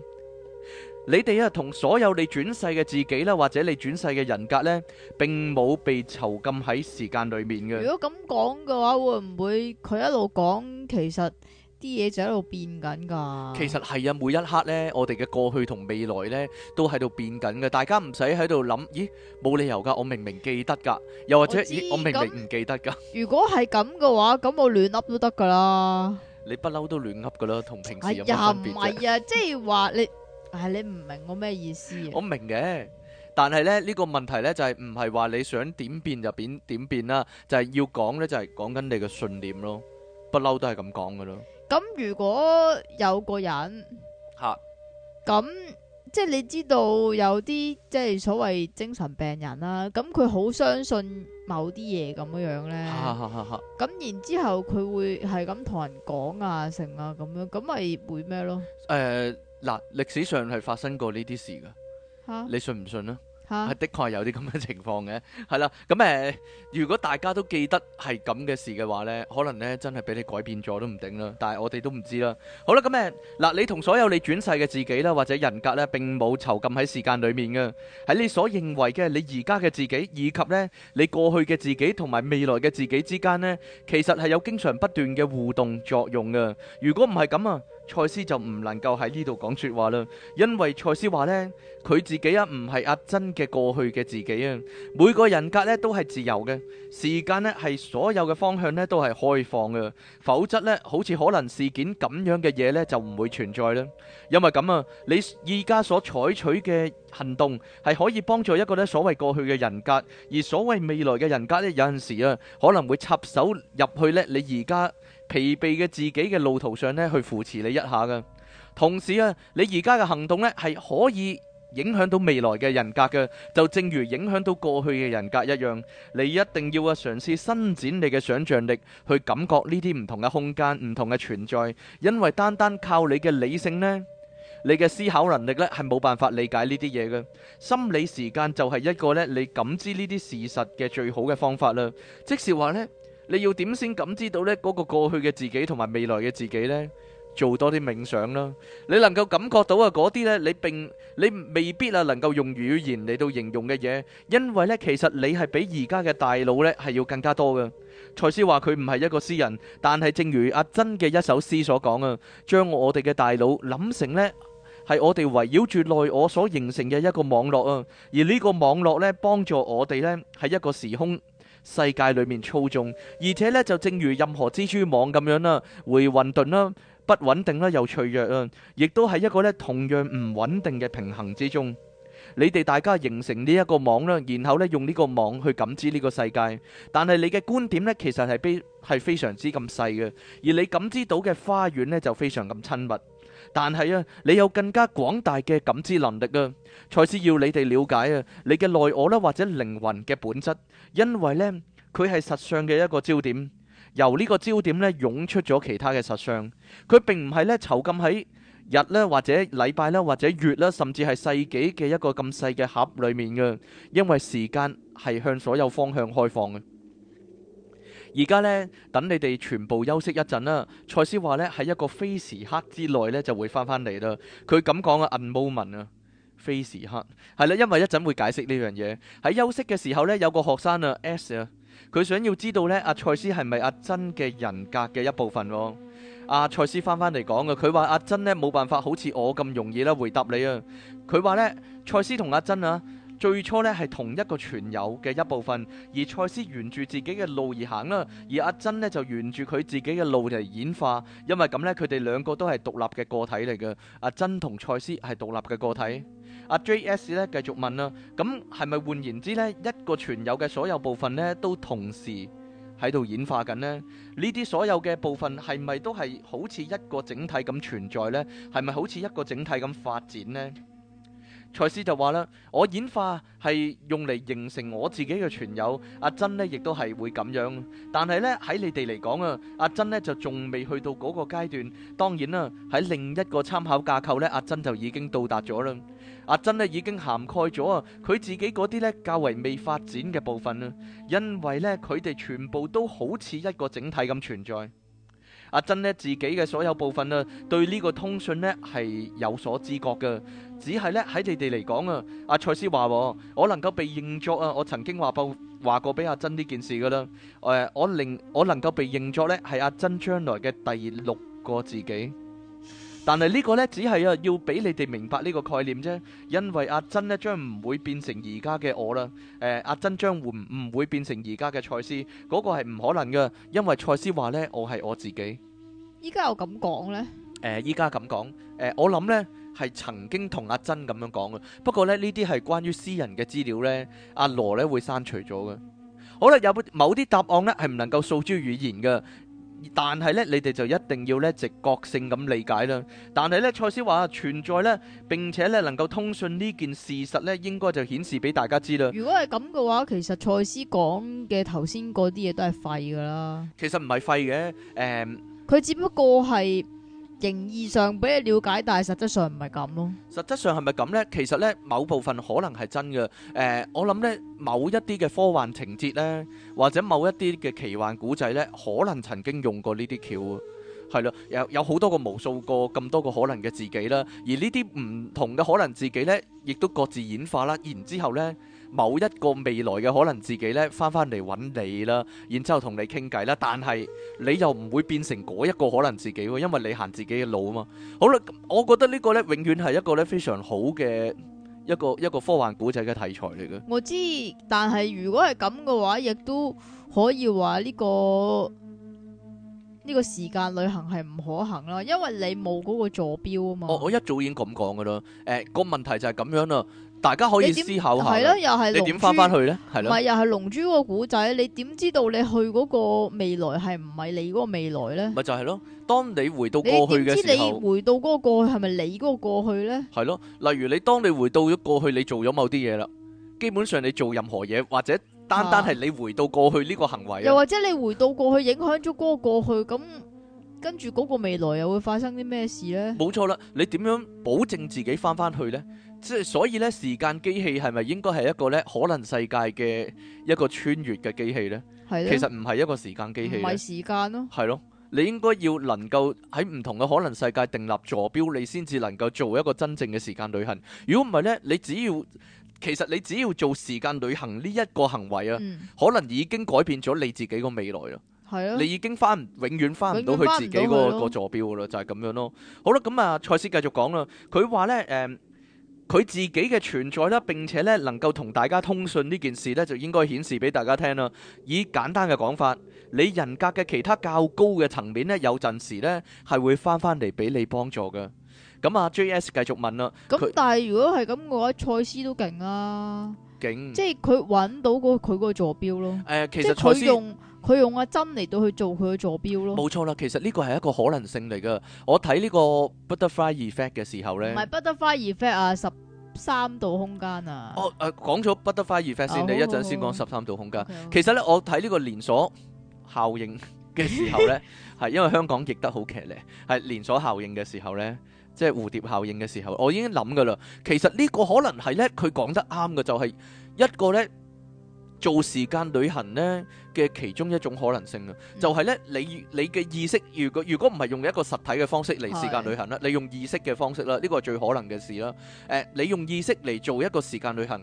[SPEAKER 2] 你哋啊，同所有你轉世嘅自己啦，或者你轉世嘅人格咧，並冇被囚禁喺時間裏面嘅。如果
[SPEAKER 1] 咁講嘅話，會唔會佢一路講，其實啲嘢就喺度變緊
[SPEAKER 2] 噶？其實係啊，每一刻咧，我哋嘅過去同未來咧，都喺度變緊嘅。大家唔使喺度諗，咦，冇理由噶，我明明記得噶，又或者咦，我明明唔記得噶。
[SPEAKER 1] 如果係咁嘅話，咁我亂噏都得噶啦。
[SPEAKER 2] 你不嬲都亂噏噶啦，同平時係呀唔係呀？
[SPEAKER 1] 即係話你。係你
[SPEAKER 2] 唔明我咩意思？我明嘅，但係咧呢個問題咧就係唔係話你想點變就點變啦，就係要講咧就係講緊你嘅信念咯，不嬲都係咁講噶咯。
[SPEAKER 1] 咁如果有個人吓，咁即係你知道有啲即係所謂精神病人啦，咁佢好相信某啲嘢咁樣樣咧，咁然之後佢會係咁同人講啊成啊咁樣，咁咪會咩咯？
[SPEAKER 2] 誒。嗱，歷史上係發生過呢啲事噶，
[SPEAKER 1] 哈你
[SPEAKER 2] 信唔信啦？係哈的確係有啲咁嘅情況嘅，係啦。咁誒、呃，如果大家都記得係咁嘅事嘅話呢，可能咧真係俾你改變咗都唔定啦。但係我哋都唔知啦。好啦，咁誒，嗱、呃，你同所有你轉世嘅自己啦，或者人格呢，並冇囚禁喺時間裡面嘅。喺你所認為嘅你而家嘅自己，以及呢你過去嘅自己同埋未來嘅自己之間呢，其實係有經常不斷嘅互動作用嘅。如果唔係咁啊～賽斯就唔能夠喺呢度講說話啦，因為賽斯話呢，佢自己啊唔係阿珍嘅過去嘅自己啊，每個人格呢都係自由嘅，時間呢係所有嘅方向呢都係開放嘅，否則呢好似可能事件咁樣嘅嘢呢就唔會存在啦。因為咁啊，你而家所採取嘅行動係可以幫助一個呢所謂過去嘅人格，而所謂未來嘅人格呢有陣時啊可能會插手入去呢你而家。疲憊嘅自己嘅路途上呢，去扶持你一下噶。同時啊，你而家嘅行動呢，係可以影響到未來嘅人格嘅，就正如影響到過去嘅人格一樣。你一定要啊嘗試伸展你嘅想象力，去感覺呢啲唔同嘅空間、唔同嘅存在，因爲單單靠你嘅理性呢，你嘅思考能力呢，係冇辦法理解呢啲嘢嘅。心理時間就係一個呢，你感知呢啲事實嘅最好嘅方法啦。即是話呢。你要點先感知到呢嗰個過去嘅自己同埋未來嘅自己呢？做多啲冥想啦，你能夠感覺到啊嗰啲呢，你並你未必啊能夠用語言嚟到形容嘅嘢，因為呢其實你係比而家嘅大腦呢係要更加多嘅。賽斯話佢唔係一個詩人，但係正如阿珍嘅一首詩所講啊，將我哋嘅大腦諗成呢係我哋圍繞住內我所形成嘅一個網絡啊，而呢個網絡呢幫助我哋呢係一個時空世界裏面操縱，而且呢，就正如任何蜘蛛網咁樣啦，會混沌啦，不穩定啦，又脆弱啦，亦都係一個咧同樣唔穩定嘅平衡之中。你哋大家形成呢一個網啦，然後呢，用呢個網去感知呢個世界，但係你嘅觀點呢，其實係非係非常之咁細嘅，而你感知到嘅花園呢，就非常咁親密。但係啊，你有更加廣大嘅感知能力啊。賽斯要你哋了解啊，你嘅內我啦、啊，或者靈魂嘅本質，因為呢，佢係實相嘅一個焦點，由呢個焦點呢湧出咗其他嘅實相。佢並唔係呢囚禁喺日呢、啊，或者禮拜咧、啊，或者月啦、啊，甚至係世紀嘅一個咁細嘅盒裏面嘅，因為時間係向所有方向開放嘅。而家呢，等你哋全部休息一陣啦。蔡斯話呢，喺一個非時刻之內呢，就會翻返嚟啦。佢咁講啊，unmoment 啊，unmoment，非時刻係啦，因為一陣會，會解釋呢樣嘢。喺休息嘅時候呢，有個學生啊，S 啊，佢想要知道呢，阿蔡斯係咪阿珍嘅人格嘅一部分喎、啊？阿、啊、蔡斯翻返嚟講嘅，佢話阿珍呢冇辦法好似我咁容易啦回答你啊。佢話呢，蔡斯同阿珍啊。最初咧係同一個全有嘅一部分，而賽斯沿住自己嘅路而行啦，而阿珍咧就沿住佢自己嘅路嚟演化。因為咁咧，佢哋兩個都係獨立嘅個體嚟嘅。阿珍同賽斯係獨立嘅個體。阿、啊、J S 咧繼續問啦，咁係咪換言之咧，一個全有嘅所有部分咧都同時喺度演化緊呢？呢啲所有嘅部分係咪都係好似一個整體咁存在呢？係咪好似一個整體咁發展呢？」蔡斯就話啦：我演化係用嚟形成我自己嘅存有，阿珍呢亦都係會咁樣。但係呢，喺你哋嚟講啊，阿珍呢就仲未去到嗰個階段。當然啦，喺另一個參考架構呢，阿珍就已經到達咗啦。阿珍呢已經涵蓋咗啊，佢自己嗰啲呢較為未發展嘅部分啦，因為呢，佢哋全部都好似一個整體咁存在。阿珍咧自己嘅所有部分啊，對呢個通訊咧係有所知覺嘅，只係咧喺你哋嚟講啊，阿賽斯話我能夠被認作啊，我曾經話報話過俾阿珍呢件事噶啦，誒、呃、我令我能夠被認作咧係阿珍將來嘅第六個自己。但係呢個呢，只係啊要俾你哋明白呢個概念啫，因為阿珍呢，將唔會變成而家嘅我啦。誒、呃，阿珍將會唔會變成而家嘅蔡思，嗰、那個係唔可能噶，因為蔡思話呢，我係我自己。
[SPEAKER 1] 依家又咁講呢？誒、
[SPEAKER 2] 呃，依家咁講，誒、呃，我諗呢係曾經同阿珍咁樣講噶。不過呢，呢啲係關於私人嘅資料呢，阿羅呢會刪除咗噶。好啦，有某啲答案呢，係唔能夠訴諸語言噶。但係咧，你哋就一定要咧直覺性咁理解啦。但係咧，賽斯話存在咧，並且咧能夠通訊呢件事實咧，應該就顯示俾大家知啦。如
[SPEAKER 1] 果係咁嘅話，其實賽斯講嘅頭先嗰啲嘢都係廢噶
[SPEAKER 2] 啦。其實唔係廢嘅，誒、嗯，
[SPEAKER 1] 佢只不過係。形意上俾你了解，但係實質上唔係咁咯。
[SPEAKER 2] 實質上係咪咁呢？其實呢，某部分可能係真嘅。誒、呃，我諗呢某一啲嘅科幻情節呢，或者某一啲嘅奇幻古仔呢，可能曾經用過呢啲橋，係咯，有有好多個無數個咁多個可能嘅自己啦。而呢啲唔同嘅可能自己呢，亦都各自演化啦。然之後呢。某一個未來嘅可能自己呢，返返嚟揾你啦，然之後同你傾偈啦。但係你又唔會變成嗰一個可能自己，因為你行自己嘅路啊嘛。好啦，我覺得呢個呢，永遠係一個呢非常好嘅一個一個科幻古仔嘅題材嚟嘅。
[SPEAKER 1] 我知，但係如果係咁嘅話，亦都可以話呢個呢個時間旅行係唔可行啦，因為你冇嗰個坐
[SPEAKER 2] 標啊嘛。我我一早已經咁講㗎喇。誒，個問題就係咁樣啦。大家可以思考下，係咯，又係你點翻翻去咧？係咯，咪又係
[SPEAKER 1] 龍珠個古仔？你點知道你去嗰個未來係唔係你嗰個未來咧？
[SPEAKER 2] 咪就係咯，當你回到過去嘅時候，你點知你
[SPEAKER 1] 回到嗰個過去係咪你嗰個過去咧？
[SPEAKER 2] 係咯，例如你當你回到咗過去，你做咗某啲嘢啦，基本上你做任何嘢或者單單係你回到過去呢個行為，又或者
[SPEAKER 1] 你回到過去影響咗嗰個過去，咁跟住嗰個未來又會發生啲咩事咧？
[SPEAKER 2] 冇錯啦，你點樣保證自己翻翻去咧？即係所以咧，時間機器係咪應該係一個咧可能世界嘅一個穿越嘅機器咧？的其實唔係一個時間機器間、啊，咪時間咯，係咯。你應該要能夠喺唔同嘅可能世界定立坐標，你先至能夠做一個真正嘅時間旅行。如果唔係咧，你只要其實你只要做時間旅行呢一個行為啊，嗯、可能已經改變咗你自己個未來啦。
[SPEAKER 1] 啊的，你已
[SPEAKER 2] 經翻永遠翻唔到佢自己個個坐標噶啦，就係、是、咁樣咯。好啦，咁啊，賽斯繼續講啦。佢話咧，誒、嗯。佢自己嘅存在啦，並且咧能夠同大家通訊呢件事咧，就應該顯示俾大家聽啦。以簡單嘅講法，你人格嘅其他較高嘅層面咧，有陣時咧係會翻翻嚟俾你幫助嘅。咁啊，J S 繼續問啦。咁但
[SPEAKER 1] 係如果係咁嘅話，賽斯都勁啊。
[SPEAKER 2] 勁。即係
[SPEAKER 1] 佢揾到佢個座標咯。誒、呃，其實賽斯用。佢用個針嚟到去做佢嘅坐標咯，冇
[SPEAKER 2] 錯啦。其實呢個係一個可能性嚟噶。我睇呢個 Butterfly Effect 嘅時候咧，唔係
[SPEAKER 1] Butterfly Effect 啊，十三度空間啊。
[SPEAKER 2] 哦，誒、啊，講咗 Butterfly Effect 先。哦，你一陣先講十三度空間。其實咧，我睇呢個連鎖效應嘅時候咧，係 因為香港譯得好劇烈，係連鎖效應嘅時候咧，即係蝴蝶效應嘅時候，我已經諗噶啦。其實呢個可能係咧，佢講得啱嘅，就係一個咧。做時間旅行呢嘅其中一種可能性啊，就係、是、咧你你嘅意識，如果如果唔係用一個實體嘅方式嚟時間旅行啦，你用意識嘅方式啦，呢個係最可能嘅事啦。誒，你用意識嚟、呃、做一個時間旅行，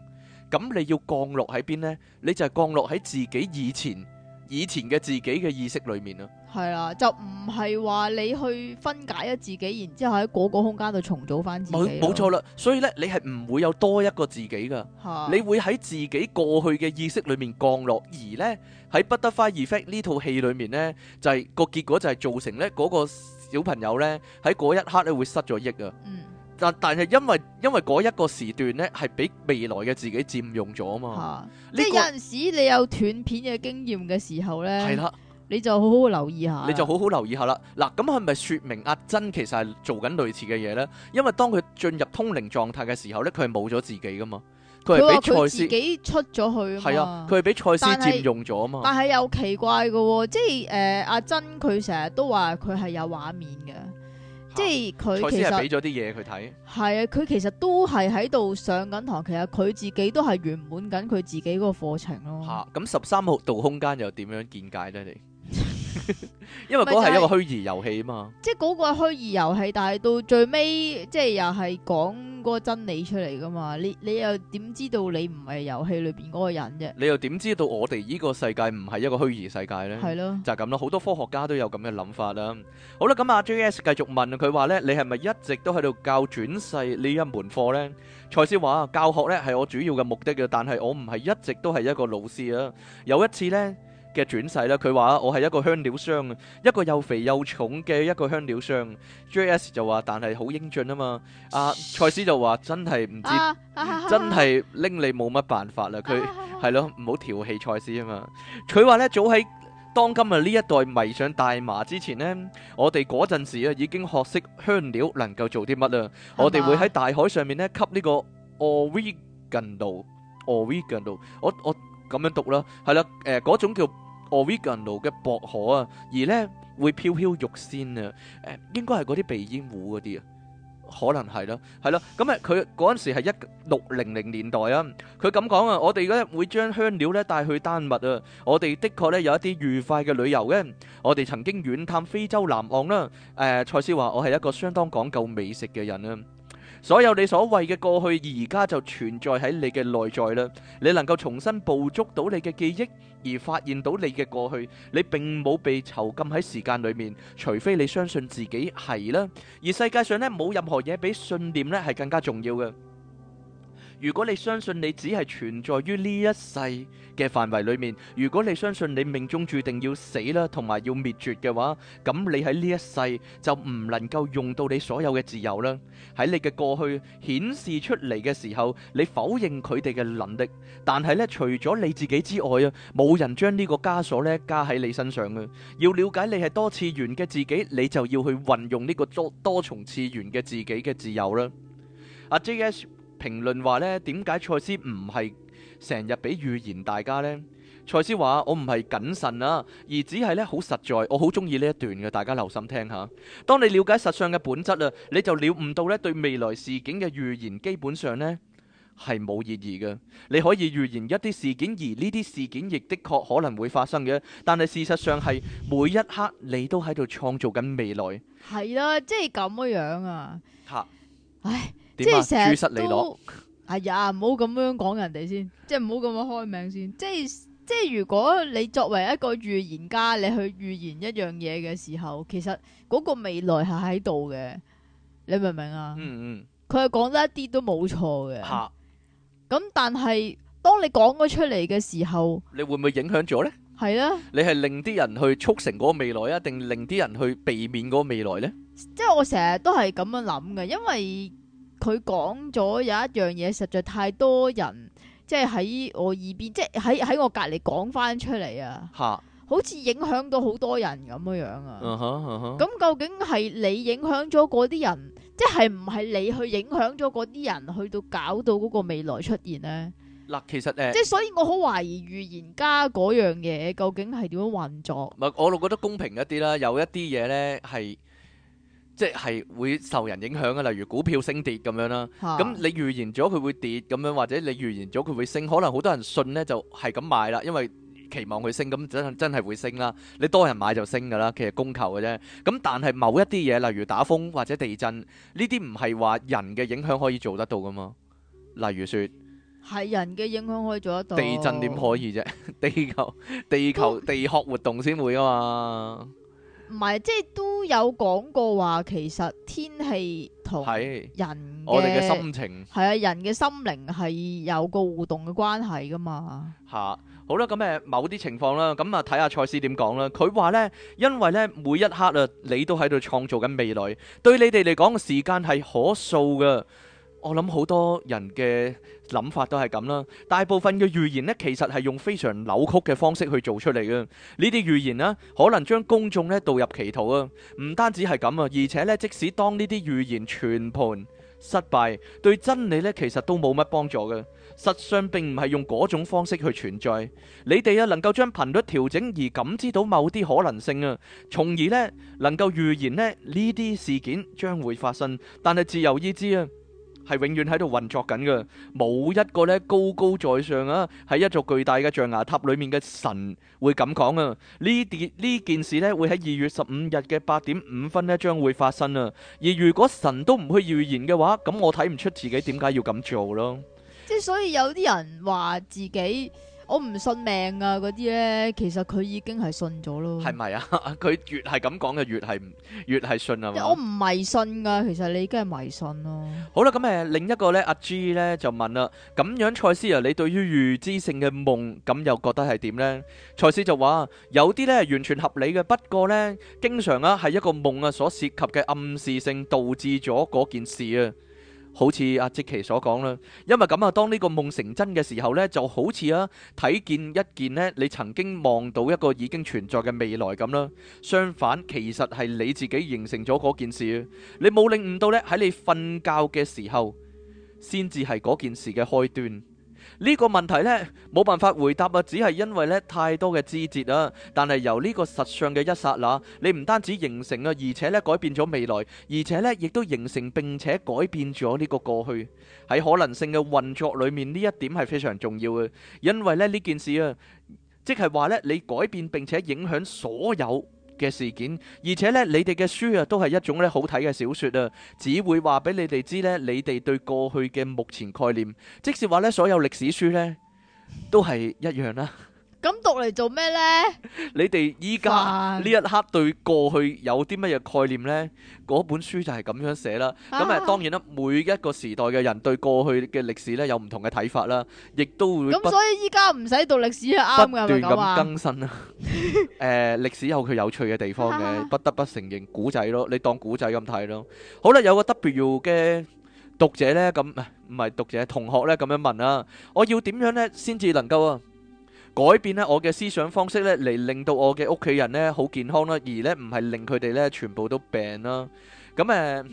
[SPEAKER 2] 咁你要降落喺邊呢？你就係降落喺自己以前。以前嘅自己嘅意識裏面啦，
[SPEAKER 1] 係啦，就唔係話你去分解咗自己，然之後喺嗰個空間度重組翻自己。冇錯
[SPEAKER 2] 啦，所以咧你係唔會有多一個自己噶，係啊，你會喺自己過去嘅意識裏面降落，而咧喺《Butterfly Effect》呢套戲裏面咧，就係、是、個結果就係造成咧嗰、那個小朋友咧喺嗰一刻咧會失咗憶啊。但但係因為因為嗰一個時段咧係俾未來嘅自己佔用咗啊嘛，啊這個、即
[SPEAKER 1] 係有陣時你有斷片嘅經驗嘅時候咧，係啦的，你就好好留意下，你就
[SPEAKER 2] 好好留意下啦。嗱、啊，咁係咪說明阿珍其實係做緊類似嘅嘢咧？因為當佢進入通靈狀態嘅時候咧，佢係冇咗自己噶嘛，佢係俾賽斯自己
[SPEAKER 1] 出咗去，係啊，
[SPEAKER 2] 佢係俾賽斯佔用咗啊嘛。嘛但
[SPEAKER 1] 係又奇怪嘅、哦，即係誒、呃，阿珍佢成日都話佢係有畫面嘅。即係佢其實俾咗
[SPEAKER 2] 啲嘢佢睇，
[SPEAKER 1] 係啊，佢其實都係喺度上緊堂，其實佢自己都係圓滿緊佢自己嗰個課程咯。吓、
[SPEAKER 2] 啊，咁十三號度空間又點樣見解咧？你
[SPEAKER 1] 因為嗰係一個虛
[SPEAKER 2] 擬遊戲啊嘛，
[SPEAKER 1] 即係嗰個係虛擬遊戲，但係到最尾，即係又係講個真理出嚟噶嘛？你你又點知道你唔係遊戲裏邊嗰個人啫？
[SPEAKER 2] 你又點知道我哋呢個世界唔係一個虛擬世界咧？係咯，就係咁咯。好多科學家都有咁嘅諗法啦。好啦，咁啊，J.S. 繼續問佢話咧，你係咪一直都喺度教轉世呢一門課咧？蔡思話啊，教學咧係我主要嘅目的嘅，但係我唔係一直都係一個老師啊。有一次咧嘅轉世啦，佢話啊，我係一個香料商，一個又肥又重嘅一個香料商。J.S. 就話，但係好英俊啊嘛。阿蔡思就話，真係唔知，真係拎你冇乜辦法啦。佢係咯，唔好調戲蔡思啊嘛。佢話咧，早喺，當今日呢一代迷上大麻之前咧，我哋嗰陣時啊已經學識香料能夠做啲乜啦。我哋會喺大海上面咧吸呢個 oregano，oregano，我我咁樣讀啦，係啦，誒嗰種叫 oregano 嘅薄荷啊，而咧會飄飄欲仙啊，誒應該係嗰啲鼻煙壺嗰啲啊。可能係啦，係啦，咁咧佢嗰陣時係一六零零年代啊。佢咁講啊，我哋咧會將香料咧帶去丹麥啊。我哋的確咧有一啲愉快嘅旅遊嘅。我哋曾經遠探非洲南岸啦。誒、呃，賽斯話我係一個相當講究美食嘅人啊。所有你所謂嘅過去而家就存在喺你嘅內在啦，你能夠重新捕捉到你嘅記憶而發現到你嘅過去，你並冇被囚禁喺時間裏面，除非你相信自己係啦。而世界上咧，冇任何嘢比信念咧係更加重要嘅。如果你相信你只係存在於呢一世嘅範圍裏面，如果你相信你命中注定要死啦，同埋要滅絕嘅話，咁你喺呢一世就唔能夠用到你所有嘅自由啦。喺你嘅過去顯示出嚟嘅時候，你否認佢哋嘅能力。但係咧，除咗你自己之外啊，冇人將呢個枷鎖咧加喺你身上嘅。要了解你係多次元嘅自己，你就要去運用呢個多多重次元嘅自己嘅自由啦。阿 J S。評論話呢，點解賽斯唔係成日俾預言大家呢？賽斯話，我唔係謹慎啊，而只係呢，好實在。我好中意呢一段嘅，大家留心聽下。當你了解實相嘅本質啊，你就了悟到呢，對未來事件嘅預言基本上呢係冇意義嘅。你可以預言一啲事件，而呢啲事件亦的確可能會發生嘅。但係事實上係每一刻你都喺度創造緊未來。
[SPEAKER 1] 係啊，即係咁嘅樣啊。吓、哎，
[SPEAKER 2] 唉。即係成日都
[SPEAKER 1] 哎呀，唔好咁樣講人哋先，即係唔好咁樣開名先。即係即係，如果你作為一個預言家，你去預言一樣嘢嘅時候，其實嗰個未來係喺度嘅，你明唔明啊？嗯嗯，佢係講得一啲都冇錯嘅。吓、啊，咁但係當你講咗出嚟嘅時候，
[SPEAKER 2] 你會唔會影響咗咧？係啊，你係令啲人去促成嗰個未來啊，定令啲人去避免嗰個未來咧？
[SPEAKER 1] 即係我成日都係咁樣諗嘅，因為。佢講咗有一樣嘢，實在太多人即係喺我耳邊，即係喺喺我隔離講翻出嚟啊！嚇哈，好似影響到好多人咁樣樣啊！
[SPEAKER 2] 咁、uh huh, uh huh.
[SPEAKER 1] 究竟係你影響咗嗰啲人，即係唔係你去影響咗嗰啲人，去到搞到嗰個未來出現呢？
[SPEAKER 2] 嗱，其實誒，即係所
[SPEAKER 1] 以我好懷疑預言家嗰樣嘢究竟係點樣運作，
[SPEAKER 2] 呃？唔係，呃、我就覺得公平一啲啦，有一啲嘢咧係。即係會受人影響㗎，例如股票升跌咁樣啦。咁、啊、你預言咗佢會跌咁樣，或者你預言咗佢會升，可能好多人信呢就係咁買啦，因為期望佢升，咁真真係會升啦。你多人買就升㗎啦，其實供求嘅啫。咁但係某一啲嘢，例如打風或者地震，呢啲唔係話人嘅影響可以做得到噶嘛？例如説，
[SPEAKER 1] 係人嘅影響可以做得到。地震點可
[SPEAKER 2] 以啫？ 地球、地球、都、地殼活動先會啊嘛。
[SPEAKER 1] 唔係，即係都有講過話，其實天氣
[SPEAKER 2] 同人我哋嘅心情
[SPEAKER 1] 係啊，人嘅心靈係有個互動嘅關係噶嘛
[SPEAKER 2] 吓，好啦，咁、嗯、誒，某啲情況啦，咁、嗯、啊，睇下賽斯點講啦。佢話呢，因為呢，每一刻啊，你都喺度創造緊未來，對你哋嚟講，時間係可數噶。我諗好多人嘅諗法都係咁啦。大部分嘅預言呢，其實係用非常扭曲嘅方式去做出嚟嘅。呢啲預言呢，可能將公眾呢導入歧途啊。唔單止係咁啊，而且呢，即使當呢啲預言全盤失敗，對真理呢其實都冇乜幫助嘅。實相並唔係用嗰種方式去存在。你哋啊，能夠將頻率調整而感知到某啲可能性啊，從而呢能夠預言呢呢啲事件將會發生。但係自由意志啊，係永遠喺度運作緊㗎，冇一個咧高高在上啊，喺一座巨大嘅象牙塔裏面嘅神會咁講啊！呢啲呢件事咧會喺二月十五日嘅八點五分咧將會發生啊！而如果神都唔去預言嘅話，咁我睇唔出自己點解要咁做咯。
[SPEAKER 1] 即係所以有啲人話自己。我唔信命啊！嗰啲咧，其實佢已經係信咗咯。係
[SPEAKER 2] 咪啊？佢 越係咁講就越係，越係信啊嘛！我唔
[SPEAKER 1] 迷信噶，其實你已經係迷信咯。
[SPEAKER 2] 好啦，咁誒另一個咧，阿 G 咧就問啦：咁樣賽斯啊，你對於預知性嘅夢咁又覺得係點呢？」賽斯就話：有啲咧完全合理嘅，不過咧經常啊係一個夢啊所涉及嘅暗示性導致咗嗰件事啊。好似阿杰奇所講啦，因為咁啊，當呢個夢成真嘅時候呢，就好似啊睇見一件呢，你曾經望到一個已經存在嘅未來咁啦。相反，其實係你自己形成咗嗰件事，你冇領悟到呢，喺你瞓覺嘅時候，先至係嗰件事嘅開端。呢個問題呢，冇辦法回答啊，只係因為咧太多嘅枝節啊。但係由呢個實相嘅一剎那，你唔單止形成啊，而且咧改變咗未來，而且呢亦都形成並且改變咗呢個過去。喺可能性嘅運作裏面，呢一點係非常重要嘅，因為咧呢件事啊，即係話呢，你改變並且影響所有。嘅事件，而且呢，你哋嘅書啊，都係一種咧好睇嘅小說啊，只會話俾你哋知呢，你哋對過去嘅目前概念，即使話呢，所有歷史書呢都係一樣啦，啊。
[SPEAKER 1] 咁讀嚟做咩咧？
[SPEAKER 2] 你哋依家呢一刻對過去有啲乜嘢概念咧？嗰本書就係咁樣寫啦。咁啊，當然啦，每一個時代嘅人對過去嘅歷史咧有唔同嘅睇法啦，亦都會咁。所以
[SPEAKER 1] 依家唔使讀歷史係啱嘅，不斷咁更
[SPEAKER 2] 新啦。誒，歷史有佢有趣嘅地方嘅，不得不承認古仔咯，你當古仔咁睇咯。好啦，有個 W 嘅讀者咧，咁唔係讀者同學咧，咁樣問啦。我要點樣咧，先至能夠啊？改變咧我嘅思想方式咧，嚟令到我嘅屋企人咧好健康啦，而咧唔係令佢哋咧全部都病啦。咁誒，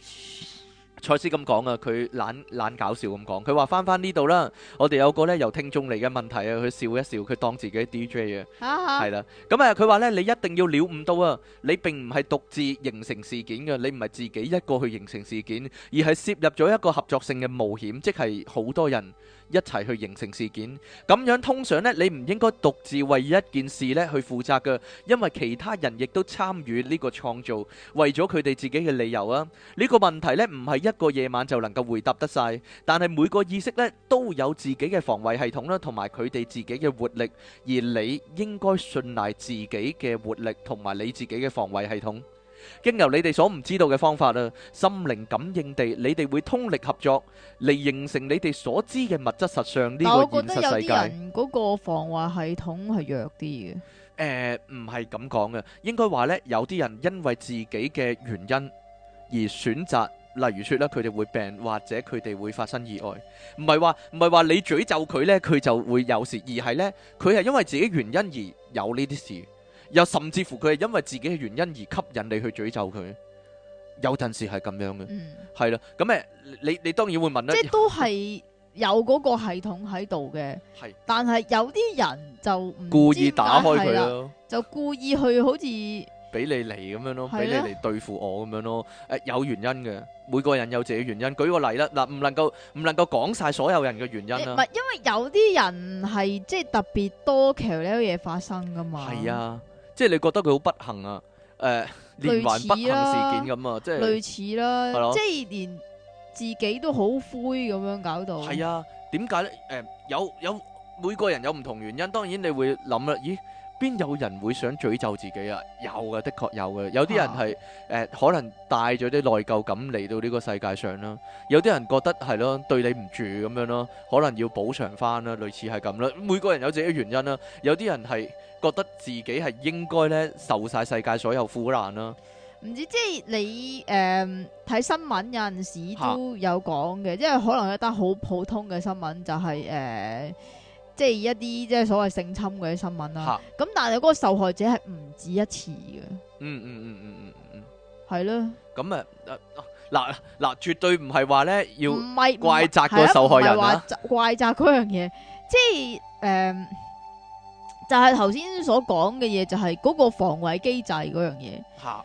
[SPEAKER 2] 賽斯咁講啊，佢懶懶搞笑咁講，佢話返返呢度啦，我哋有個咧由聽眾嚟嘅問題啊，佢笑一笑，佢當自己 DJ 啊，係啦。咁誒，佢話咧你一定要了悟到啊，你並唔係獨自形成事件嘅，你唔係自己一個去形成事件，而係涉入咗一個合作性嘅冒險，即係好多人。一齊去形成事件，咁樣通常呢，你唔應該獨自為一件事呢去負責嘅，因為其他人亦都參與呢個創造，為咗佢哋自己嘅理由啊。呢個問題呢，唔係一個夜晚就能夠回答得晒，但係每個意識呢都有自己嘅防衛系統啦，同埋佢哋自己嘅活力，而你應該信賴自己嘅活力同埋你自己嘅防衛系統。經由你哋所唔知道嘅方法啦，心靈感應地，你哋會通力合作嚟形成你哋所知嘅物質實上呢個現實世界。但係
[SPEAKER 1] 我覺得有人嗰個防話系統係弱啲
[SPEAKER 2] 嘅。誒、呃，唔係咁講嘅，應該話呢，有啲人因為自己嘅原因而選擇，例如說咧，佢哋會病，或者佢哋會發生意外。唔係話唔係話你詛咒佢呢，佢就會有事；而係呢，佢係因為自己原因而有呢啲事。又甚至乎佢係因為自己嘅原因而吸引你去詛咒佢，有陣時係咁樣嘅，係啦，咁誒，你你當然會問啦，即係都
[SPEAKER 1] 係有嗰個系統喺度嘅，係，但係有啲人就唔故意打開佢咯，就故意去好似
[SPEAKER 2] 俾你嚟咁樣咯，俾你嚟對付我咁樣咯，誒，有原因嘅，每個人有自己原因。舉個例啦，嗱，唔能夠唔能夠講晒所有人嘅原因啊，唔係，
[SPEAKER 1] 因為有啲人係即係特別多奇呢嘢發生噶嘛，係啊。
[SPEAKER 2] 即係你覺得佢好不幸啊！誒、呃，連環不幸事件咁啊！即係類似
[SPEAKER 1] 啦，係啊、即係連自己都好灰咁樣搞到、嗯。係啊，
[SPEAKER 2] 點解咧？誒、呃，有有，有每個人有唔同原因，當然你會諗啦，咦？邊有人會想詛咒自己啊？有嘅，的確有嘅。有啲人係誒、啊呃，可能帶咗啲內疚感嚟到呢個世界上啦。有啲人覺得係咯，對你唔住咁樣咯，可能要補償翻啦，類似係咁啦。每個人有自己嘅原因啦。有啲人係覺得自己係應該咧受晒世界所有苦難啦。
[SPEAKER 1] 唔知即係你誒睇、呃、新聞有陣時都有講嘅，因為、啊、可能有一單好普通嘅新聞就係、是、誒。呃即係一啲即係所謂性侵嗰啲新聞啦，咁ハ 但係嗰個受害者係唔止一次嘅、嗯。嗯嗯嗯嗯
[SPEAKER 2] 嗯嗯，係、嗯、咯。咁、嗯、是啦 啊，嗱、啊、嗱、啊啊啊，絕對唔係話咧要唔係怪責個受害人、啊、
[SPEAKER 1] 怪責嗰樣嘢，即係誒，就係頭先所講嘅嘢，就係嗰個防衛機制嗰樣嘢。吓，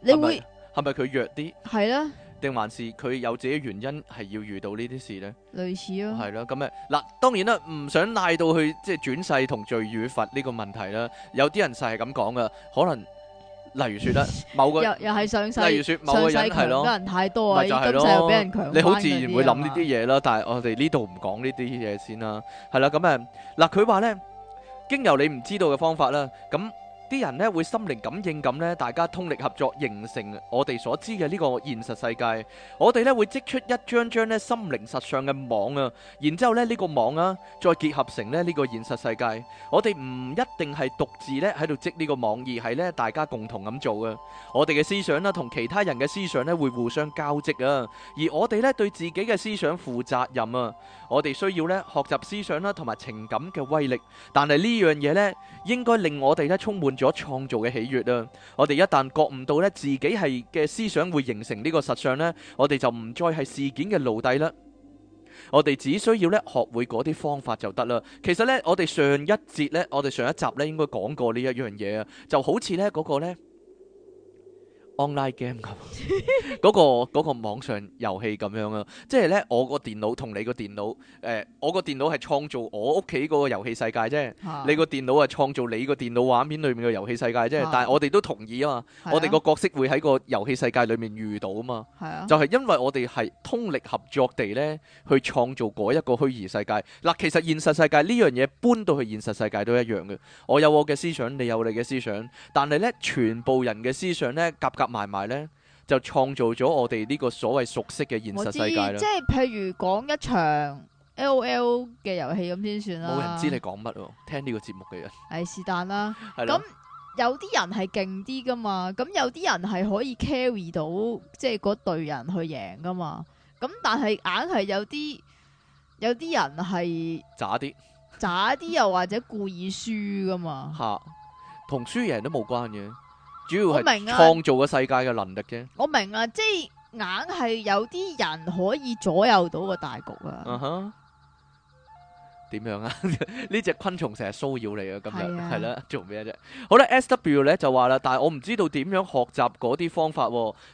[SPEAKER 1] 你會
[SPEAKER 2] 係咪佢弱啲？係啦。定還是佢有自己原因係要遇到呢啲事咧？類似咯，係咯，咁誒嗱，當然啦，唔想賴到去即係轉世同罪與罰呢個問題啦。有啲人就係咁講噶，可能例如説咧，某個又
[SPEAKER 1] 又係上世，例如説某個人係咯，人太多啊，今世又俾人強姦嘅嘢，你好自然會諗呢啲
[SPEAKER 2] 嘢啦。但係我哋呢度唔講呢啲嘢先啦。係啦，咁誒嗱，佢話咧，經由你唔知道嘅方法啦，咁。啲人咧，會心靈感應咁咧，大家通力合作形成我哋所知嘅呢個現實世界。我哋咧，會織出一張張咧，心靈實相嘅網啊，然之後咧，呢個網啊再結合成咧，呢個現實世界。我哋唔一定係獨自咧，喺度織呢個網，而係咧，大家共同咁做啊。我哋嘅思想啦同其他人嘅思想咧，會互相交織啊，而我哋咧，對自己嘅思想負責任啊。我哋需要咧，學習思想啦同埋情感嘅威力，但係呢樣嘢咧，應該令我哋咧，充滿。咗創造嘅喜悅啊！我哋一旦覺悟到咧，自己係嘅思想會形成呢個實相呢，我哋就唔再係事件嘅奴隸啦。我哋只需要呢學會嗰啲方法就得啦。其實呢，我哋上一節呢，我哋上一集呢，應該講過呢一樣嘢啊，就好似呢嗰、那個呢。online game 咁、 嗰個、嗰個網上遊戲咁樣，就是呃、啊，即係咧我個電腦同你個電腦，誒我個電腦係創造我屋企個遊戲世界啫，你個電腦係創造你個電腦畫面裏面嘅遊戲世界啫，啊、但係我哋都同意啊嘛，啊我哋個角色會喺個遊戲世界裏面遇到啊嘛，啊就係因為我哋係通力合作地咧去創造嗰一個虛擬世界。嗱、啊，其實現實世界呢樣嘢搬到去現實世界都一樣嘅，我有我嘅思想，你有你嘅思想，但係咧全部人嘅思想咧夾夾，夾。埋埋咧，就創造咗我哋呢個所謂熟悉嘅現實世界啦。即係
[SPEAKER 1] 譬如講一場 LOL 嘅遊戲咁先算啦。冇人知你
[SPEAKER 2] 講乜喎，聽呢個節目嘅人。
[SPEAKER 1] 係是但啦。係咁 有啲人係勁啲噶嘛，咁有啲人係可以 carry 到，即係嗰隊人去贏噶嘛。咁但係硬係有啲有啲人係渣啲，渣啲點又或者故意輸噶嘛。
[SPEAKER 2] 嚇，同輸贏都冇關嘅。主要係創造個世界嘅能力啫。
[SPEAKER 1] 我明啊，即係硬係有啲人可以左右到個大局啊。Uh huh.
[SPEAKER 2] 點怎樣 隻是啊？呢隻昆蟲成日騷擾你啊，咁樣係啦，做咩啫？好啦，S.W. 咧就話啦，但係我唔知道點樣學習嗰啲方法，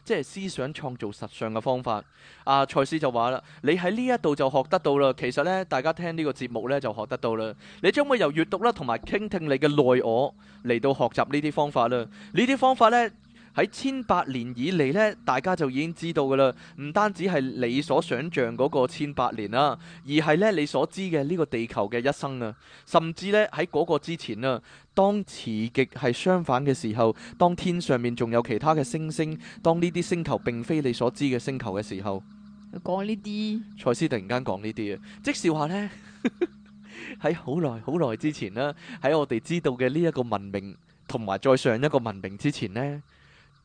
[SPEAKER 2] 即係思想創造實相嘅方法。阿賽斯就話啦，你喺呢一度就學得到啦。其實咧，大家聽個節呢個節目咧就學得到啦。你將會由閱讀啦，同埋傾聽你嘅內我嚟到學習呢啲方法啦。呢啲方法咧。喺千百年以嚟呢，大家就已經知道噶啦。唔單止係你所想象嗰個千百年啦、啊，而係呢你所知嘅呢個地球嘅一生啊，甚至呢，喺嗰個之前啦、啊，當磁極係相反嘅時候，當天上面仲有其他嘅星星，當呢啲星球並非你所知嘅星球嘅時候，講呢啲賽斯突然間講呢啲 啊，即是話呢，喺好耐好耐之前啦，喺我哋知道嘅呢一個文明同埋再上一個文明之前呢，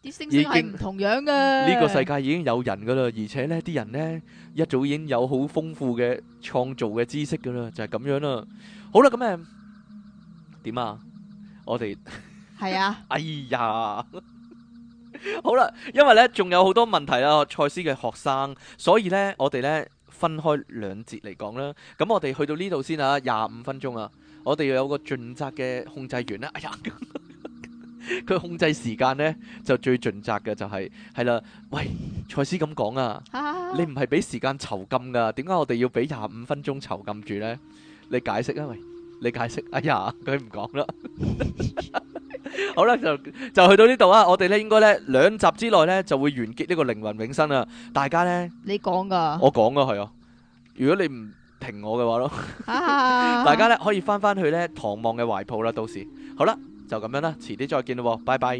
[SPEAKER 2] 已經唔同
[SPEAKER 1] 樣嘅，呢個世界
[SPEAKER 2] 已經有人噶啦，而且呢啲人呢一早已經有好豐富嘅創造嘅知識噶啦，就係咁樣啦。好啦，咁誒，點啊？我哋係啊。哎呀，好啦，因為呢仲有好多問題呀，賽斯嘅學生，所以呢我哋呢分開兩節嚟講啦。咁我哋去到呢度先啊，廿五分鐘啊，我哋要有個盡責嘅控制員啦。哎呀！佢控制時間呢，最盡就最盡責嘅就係係啦，喂，蔡師咁講啊，啊你唔係俾時間囚禁噶點解我哋要俾廿五分鐘囚禁住呢？你解釋啊，喂，你解釋，哎呀，佢唔講啦。好啦，就就去到呢度啊，我哋咧應該咧兩集之內呢，就會完結呢個靈魂永生啊！大家呢，
[SPEAKER 1] 你講噶，我
[SPEAKER 2] 講噶係啊，如果你唔停我嘅話咯，大家呢可以返返去呢唐望嘅懷抱啦，到時好啦。好就咁樣啦，遲啲再見咯，拜拜。